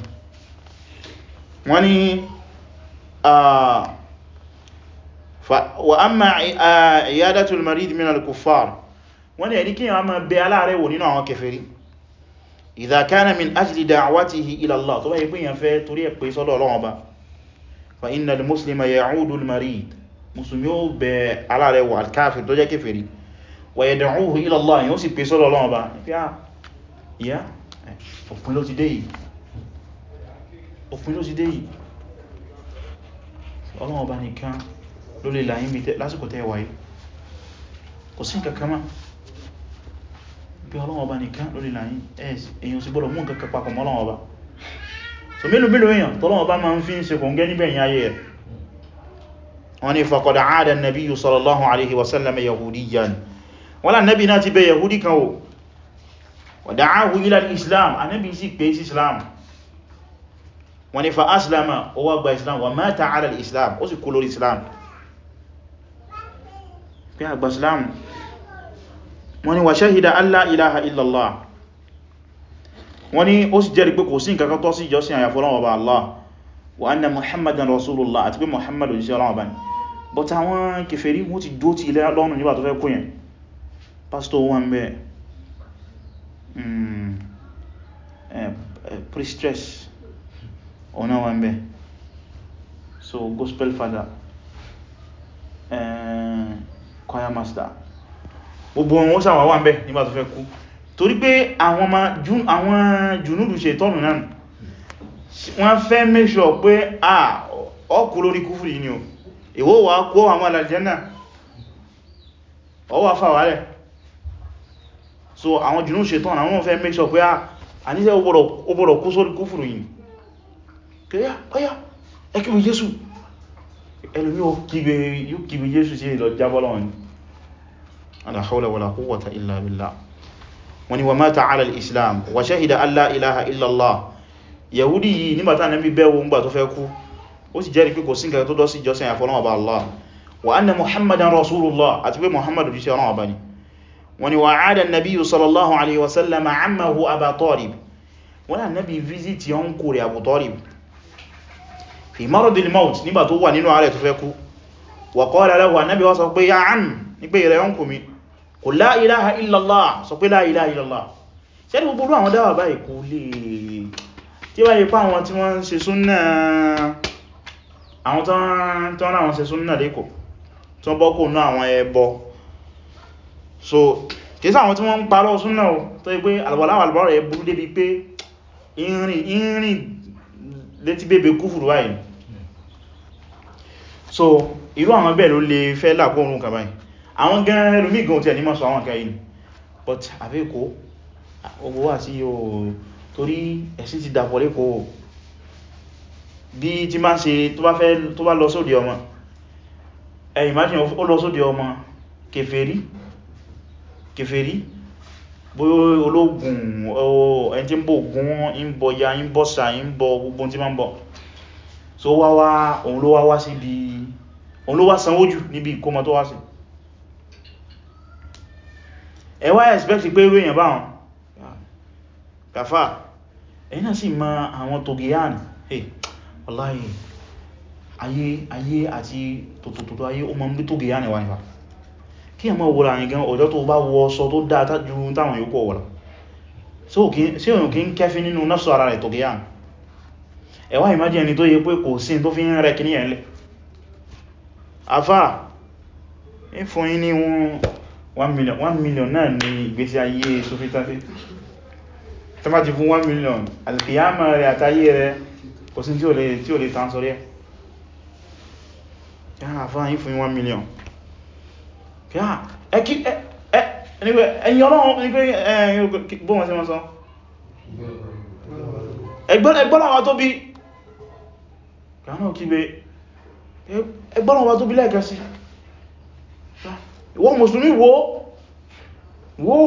A: wọ́n ni wa amma iyadatul marid min al-kuffar wọ́n ni ẹ̀rí kí yàn máa bẹ aláàrẹ̀ wò nínú àwọn kèfèrí idha kana min ajli da'watihi ila Allah tó bá yẹ pé yàn fẹ́ torí ẹ̀ pé sọ́dọ̀ Ọlọ́run ba fa inna al-muslima ya'udu al-marid musulmi ó bẹ aláàrẹ wà káàfì tó jẹ́ kéfèrí wa yad'uhu ila Allah yíó sì pè sọ́lọ̀ Ọlọ́run ọba pé à ah, ìyá òpin ló ti dé yìí òpin ló ti dé yìí Ọlọ́run ọba nìkan ló lè láyín bí lásìkò tẹ́ wáyé kò sí nǹkan kan mọ́ pé Ọlọ́run ọba nìkan ló lè láyín èyàn sì gbọ́dọ̀ mú nǹkan kan papọ̀ so mélòó mélòó èyàn máa ń fi ń ṣe kòǹgẹ́ nígbẹ̀yìn ayé rẹ̀ wọ́n ní faqad aada an-nabiyyu sallallahu alaihi wasallam yahudiyyan wọ́n lánàbí náà ti bẹ yahudi kan wò wa da'ahu ila al-islam anábi sí pé sí islam wọ́n ní fa aslama ó wá gba islam wa mata ala islam ó sì kú lórí islam wa anna muhammadan rasulullah àti muhammadu jíṣẹ́ Ọlọ́run Ọba ni but àwọn kèfèrí wọ́n ti dó ti ilẹ̀ lọ́nà nígbà tó fẹ́ kú yẹn pastor wọn bẹ́ hmm. eh, eh, priestess ọ̀nà wọn bẹ́ so gospel father uh, choir master gbogbo wọn wọ́n sàwà wọn bẹ́ nígbà tó fẹ́ kú torí pé àwọn jùnúdù ṣe tọ́nù náà wọ́n fẹ́ make pé ah ọkù lórí kúfùrù yìí ni o ìwọ wà kó àwọn alàjẹ́nà ọwà fàwálẹ̀ so àwọn jùnú ṣetán àwọn fẹ́ make sure pé a ah, níṣẹ́ ọgbọ̀rọ̀ kó sórí kúfùrù yìí kìíyà kọ́yà ẹkìwì Jésù ẹlùmí yóò kìíwì Jésù sí ìlọ jábọ́lọ́ wọn la hawla wala quwwata illa billah wọ́n ni wa mata ala al-islam wa shahida an la ilaha illallah yahudi yìí nígbàtà náà bí bẹ́wọ̀ ń gbà tó ó sì jẹ́rìí pé kò sí nǹkan tó dọ́ sí ìjọsìn àfọ́lọ́wọ́ bá Allah wa anna muhammadan rasulullah àti pé muhammad ojú sí ọlọ́wọ́ bá ni wọ́n ni wa aada nabi sallallahu alaihi wasallam ammahu aba talib wọ́n na nabi visit yon kore abu talib fi maradil maut nígbà tó wà nínú ààrẹ tó fẹ́ kú wa qala lahu annabi wa tí wáyé pa àwọn tí wọ́n ń ṣe súnnà àwọn tán ráwọn ṣe súnnà lẹ́kọ̀ọ́ tó bọ́kù náà àwọn ẹbọ so kìí sáwọn tí wọ́n ń parọ́ súnnà o tó yí pé alwọ̀láwà alwọ̀rọ̀ ẹ burú débi pé ìrìn létí bèbè kúfùrù báyìí so irú àwọn bẹ́ẹ̀ ló lè fẹ́ làkóòrùn kàbáyìí àwọn gan ẹlùmí gan tí ẹni mọ́ sọ àwọn bí tí máa ń ṣe tó bá fẹ́ tó bá lọ sóde ọmọ ẹ imagine ó lọ sóde ọmọ kèfèrí kèfèrí bóyá ológun ẹni tí ń bọ̀ ògún ń bọ̀ ya ń bọ̀ sà ń bọ̀ gbogbo tí máa ń bọ̀ so wá wá òun ló wá wá sí bí òun ló wá sanwó jù níbi ìkómọ tó wá pé irú èèyàn báwọn kàfà ẹ̀yìn náà sì mọ àwọn tògìyàn hey wallahi ayé ayé àti tòtòtò ayé o ma ń bí tó gẹ̀yà níwá nífà kí ẹ máa wòrà nìgan ọjọ́ tó bá wọ sọ tó dáa ju táwọn yóò kọ̀ wọ̀lá sí òun kí ń kẹfí nínú nafsu ara rẹ̀ tó gẹ̀yà ẹ̀wà ìmájì ẹni tó yẹ pé kò sí tó fi ń rẹ̀ kì ní ẹ̀lẹ́ afá ìfún yí ní one million one million náà ni ìgbésí ayé sofitafi tó má ti fún one million alkiyama rẹ̀ àtayé rẹ̀ kò sí tí ó lè tán sọrí ẹ̀ kí á fà yí fún 1 million kí á ẹkí ẹ̀yìn ọlọ́run ní pé bóhùn sí mọ́sán ẹgbọ́nàwà tó bí kàánà kíbe ẹgbọ́nàwà tó bí lẹ́ẹ̀kẹ́ sí ìwọ mùsùlùmí wo wo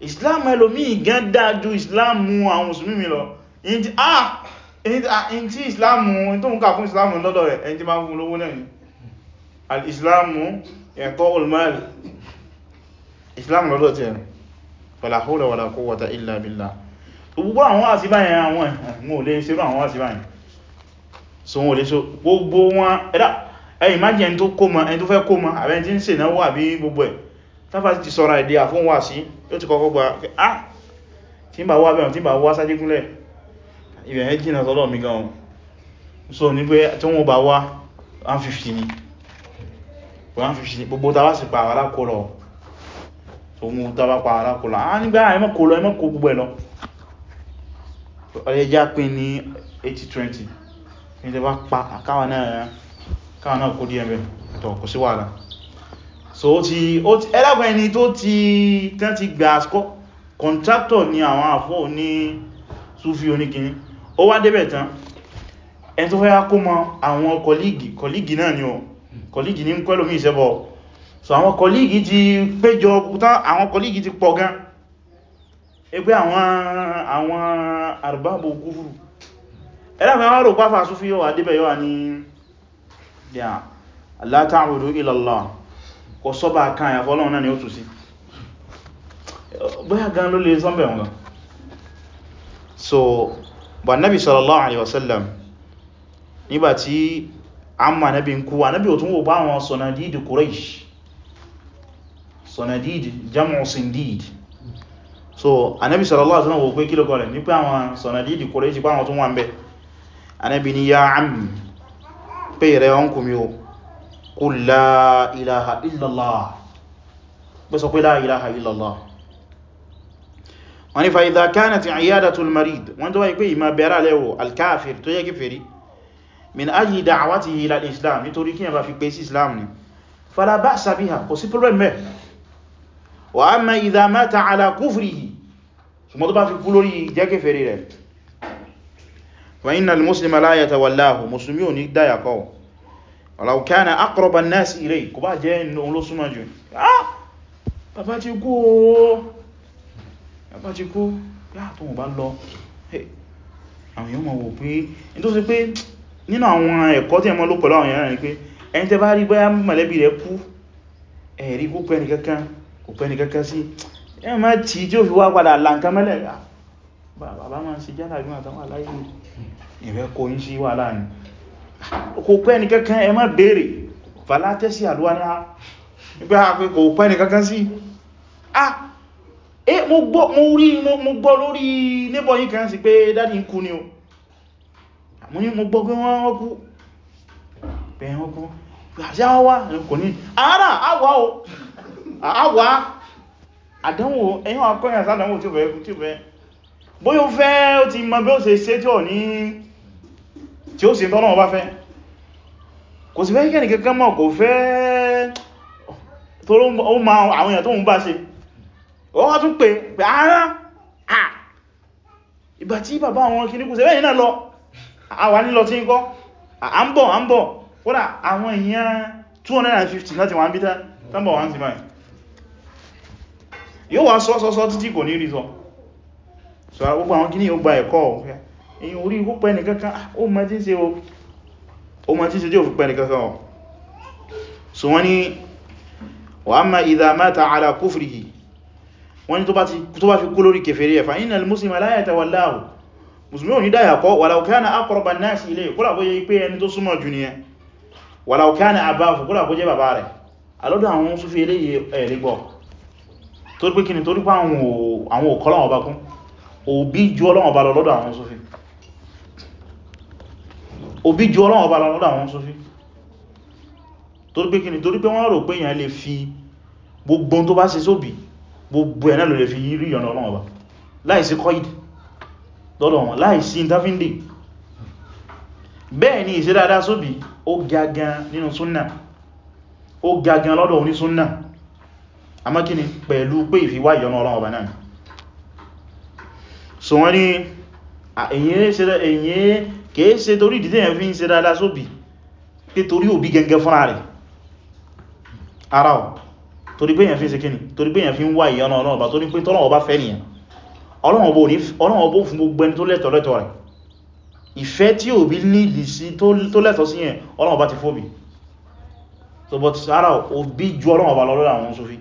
A: islam ẹlòmí gan dájú islam àwọn mùsùlùmí lọ in tí ah, ah, islamu tó ń kà fún islamu lọ́dọ̀ rẹ̀ ẹni tí máa fún olówó náà ni al-islamu ẹ̀kọ́ olmọ́lì islamu lọ́dọ̀ tí ẹ̀rùn wala hawla wala illa billah gbogbo àwọn àsìbáyìn àwọn ẹ̀mù ò lè ṣe rú àwọn àsìbáyìn so wọ́n lè so gbogbo wọn ẹ̀dá ẹ̀yìn má jẹ́ ẹni tó kó ma ẹni tó fẹ́ kó ma àbẹ́ tí ń ṣe náà wà bí gbogbo ẹ̀ tàbí ti sọ́ra ìdí àfún wà sí ah tí ń bá wá bẹ̀rùn tí ń bá wá ibẹ̀ yẹn jìnà tọ́lọ̀ mi gan ohun so ní pé tí wọ́n bá wá 150 ni 150 ni gbogbo tàbá sì pa àwárá lọ ohun tàbá pa àwárá lọ a nígbà ah, ẹmọ́ kó lọ ẹmọ́ kó gbogbo ẹ̀ lọ ọ̀rẹ́ já pín ní 80-20 ní tẹ́bá pa àkáwà náà káwà náà kó díẹ̀ bẹ̀ tọ̀ kò sí wàhálà so ó ti ẹlẹ́gbẹ̀ ẹni tó ti tẹ́ ti gbà ni àwọn àfọ́ ní súfí oníkìní ó wá débẹ̀ tán ẹni tó fẹ́ kó mọ àwọn kọlígì kọlígì náà ni o kọlígì ní pẹ́lú mi ìṣẹ́bọ̀ so àwọn kọlígì ti péjọ tán àwọn kọlígì ti pọ̀ gan ẹgbẹ́ àwọn àwọn àrùbábò kúfùrù ẹlẹ́fẹ́ wọ́n rò pàfà súnfí yóò àdébẹ̀ yóò ní la ta'budu illa Allah kò sọ́bà kan àyàfọ́lọ́run náà ni ó tù sí bóyá gan ló lè sọ́bẹ̀ wọn so but nabi sallallahu alaihi wasallam nígbàtí amma nabi ń kú nabi o tún wò bá wọn sonadid quraish sonadid jam'u sindid so anabi sallallahu alaihi wasallam wò pé kí ló kore ní pé àwọn sonadid quraish pa àwọn tún wà ńbẹ̀ anabi ní ya am pé rẹ̀ on ku mi o qul la ilaha illallah pé sọ pé la ilaha illallah wọ́n ní fa idha kanat iyadatul marid wọ́n tó wáyé pé ìmá bẹ̀rẹ̀ alẹ́wọ̀ alkafir tó yẹ kèfèrí min ayi da'watihi ila islam nítorí kí ẹba fi pé sí islam ni fala ba'sa biha kò sí problem bẹ́ bá ti kó yàtọ̀ wọn bá lọ àwọn èèyàn mọ̀ wò pé ní tó sì pé nínú àwọn ẹ̀kọ́ tí ẹmọ́ ló pẹ̀lú àwọn èèyàn rẹ̀ pé ẹni tẹ́ bá rí bóyá mọ̀lẹ́bí rẹ̀ kú ẹ̀rí kó pẹ́ni kankan kò pẹ́ni kankan sí ẹ má tí tí ó fi wá padà lankan mẹ́lẹ̀ bàbá máa ń ṣe jálà bí wọn àtàwọn aláyé ìrẹ́ kò ń sí wà láàrin kò pẹ́ni kankan ẹ má béèrè fàlátẹ́sí àlúwá ní a pé kò pẹ́ni kankan sí ah mo gbọ́ lórí níbọ̀ yìí kan sí pé dádì ń kú ni o mo ní mo gbọ́ pé wọ́n kú bẹ̀rẹ̀ wọ́n àti àwọn wá kò ní ara àwà o àwà àdánwò ẹ̀yàn akọ́yàn sádánwò tí ó fẹ́ tí ó fẹ́ bóyá ó fẹ́ ó ti mọ bí ó ṣe ṣe tí ó ní tí ó ṣe tọ́nà ó tún pè pé ara ìgbà tí bàbá àwọn kìí kú sẹ́bẹ̀yìn lọ àwà nílọ tí ń kọ́ à ń bọ̀ à ń bọ̀ kódà àwọn èèyàn 250 láti wọ́n bítá wọ́n sí wá títí kò ní rízọ so wa amma idha mata ala kufrihi wọ́n ní tó bá fi kú lórí kèfèrí ẹ̀fà iná muslima la yatawallahi musulmi ò ní dáyàkọ́ walau kana aqraba an-nas ilayhi kúrò kó jẹ́ pé ẹni tó súnmọ́ jù ní ẹ walau kana abahu kúrò kó jẹ́ bàbá rẹ̀ alọ́dọ̀ àwọn súnfí eléyìí ẹ̀lẹ́gbọ́ tó pé kí ni tó rípa àwọn òkọ́lọ́wọ́ bá kún òbí ju ọlọ́wọ́ bá lọ́dọ̀ àwọn súnfí òbí ju ọlọ́wọ́ bá lọ́dọ̀ àwọn súnfí tó rí pé kí ni tó rí pé wọ́n gbogbo tó bá ṣe sóbìí gbogbo ẹ̀ náà ló lè fi rí ọ̀nà ọlọ́run ọba láìsí kọ́ìd lọ́dọ̀ wọn láìsí intervindi bẹ́ẹ̀ ni ìṣe dáadáa sóbí ó gagan nínú súnnà ó gagan lọ́dọ̀ oní súnnà amákíní pẹ̀lú pé ìfiwá ìyọnà ọlọ́run ọba náà so wọ́n ni èyí kìí ṣe torí ìdí tẹ́yàn fi ń ṣe dáadáa sóbí pé torí òbí gẹngẹ fúnra rẹ̀ torí pé èyàn fi ń ṣe kíni torí pé èyàn fi ń wá ìyọ́nà Ọlọ́run Ọba torí pé tọ́lọ́run Ọba fẹ́ nìyàn Ọlọ́run Ọba fún gbogbo ẹni tó lẹ́tọ̀ọ́ lẹ́tọ̀ọ́ rẹ̀ ìfẹ́ tí òbí nílì sí tó lẹ́tọ̀ọ́ sí yẹn Ọlọ́run Ọba ti fóbi so but sára òbí ju Ọlọ́run Ọba lọ́lọ́rọ̀ àwọn Sufi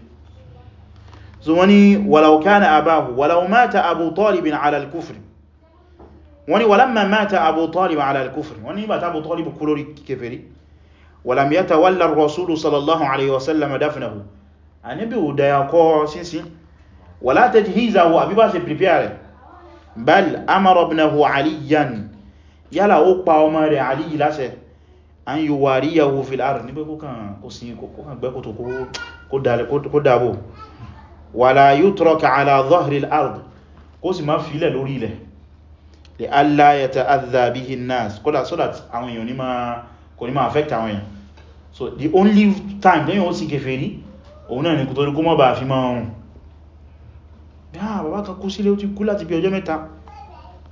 A: so wọ́n ni walau kana abahu walau mata Abu Talib ala al-kufr wọ́n ni walamma àníbì ò dayakọ́ sínsín wala tajhizahu àbíbá ṣe prepare rẹ̀ bal amara ibnahu aliyan yálà ó pa ọmọ rẹ̀ aliyi láṣẹ an yuwariyahu fil ard níbẹ̀ kókàn òsìn kókàn gbẹ́kòtò kó dábò wala yutraka ala dhahril ard kó sì má fílẹ̀ lórí ilẹ̀ li alla yata'adha bihi an-nas kódà so that àwọn èèyàn ní ma so the only time lẹ́yìn ó sì kèfèrí òun náà ni kò torí kó mọ́ bá fi máa ohun bí á ah, bàbá kan kú sílé ó ti kú láti bí ọjọ́ mẹ́ta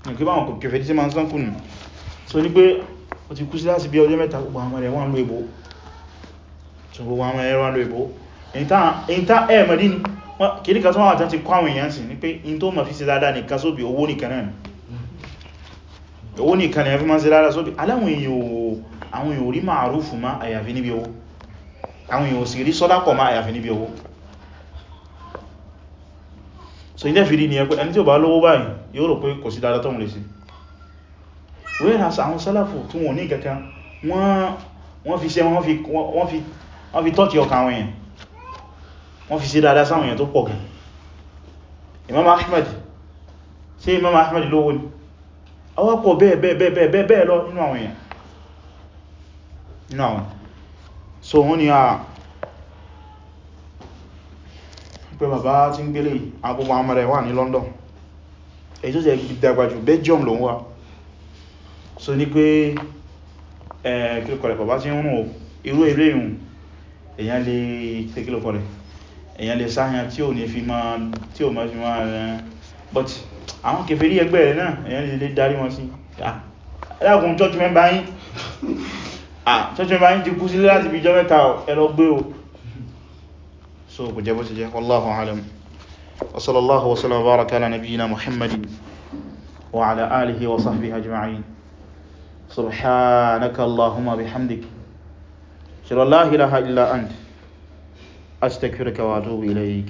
A: nìkí báwọn kò kẹfẹ́ tí ma ń sánkù nù so ní pé ó ti kú sí láti bí ọjọ́ mẹ́ta gbogbo àwọn ẹ̀rẹ̀ wọ́n àwọn ni kìí kan tó wà tán ti kọ́ àwọn èèyàn sí ní pé in tó ma fi ṣe má àyàfi níbi owó àwọn èèyàn ò sì rí sọ́dápọ̀ máa àyàfi níbi owó so ilé fìdí ni ẹgbẹ́ ẹni tí ó bá lówó báyìí yóò rò pé kò sí dáadáa tóhun lè sí whereas àwọn sálàfù tún wọ́n ní kankan wọ́n fi ṣe wọ́n fi tọ́kì ọkà àwọn èèyàn wọ́n fi ṣe dáadáa sáwọn èèyàn tó pọ̀ gan Imam Ahmad ṣe Imam Ahmad lówó ni awọ́pọ̀ bẹ́ẹ̀ bẹ́ẹ̀ bẹ́ẹ̀ bẹ́ẹ̀ lọ nínú àwọn èèyàn so wọ́n ni a pé bàbá tí ń gbélé agbogbo àwọn ọmọdé wà ní London èyí tó jẹ́ dàgbàjù Belgium ló ń wá so ní pé kílùkọ̀lẹ̀ bàbá tí ń rún irú eré ìrùn èyàn lè pé kílùkọ̀lẹ̀ èyàn lè sáyàn tí ò ní fi máa tí ò máa fi máa rẹ̀ but àwọn kèfèrí ẹgbẹ́ rẹ̀ náà èyàn lè darí wọn sí ẹ̀dàkùn church member yín ṣọ́ṣọ́ bá ń ti kú sílé láti bí jọ́mẹ́ta ẹ̀rọ gbé o so kò jẹ́ bó ti jẹ́ wallahu alam wa sallallahu wa sallam baraka ala nabiyyina muhammadin wa ala alihi wa sahbihi ajma'in subhanaka allahumma bihamdik shalla la ilaha illa ant astaghfiruka wa atubu ilayk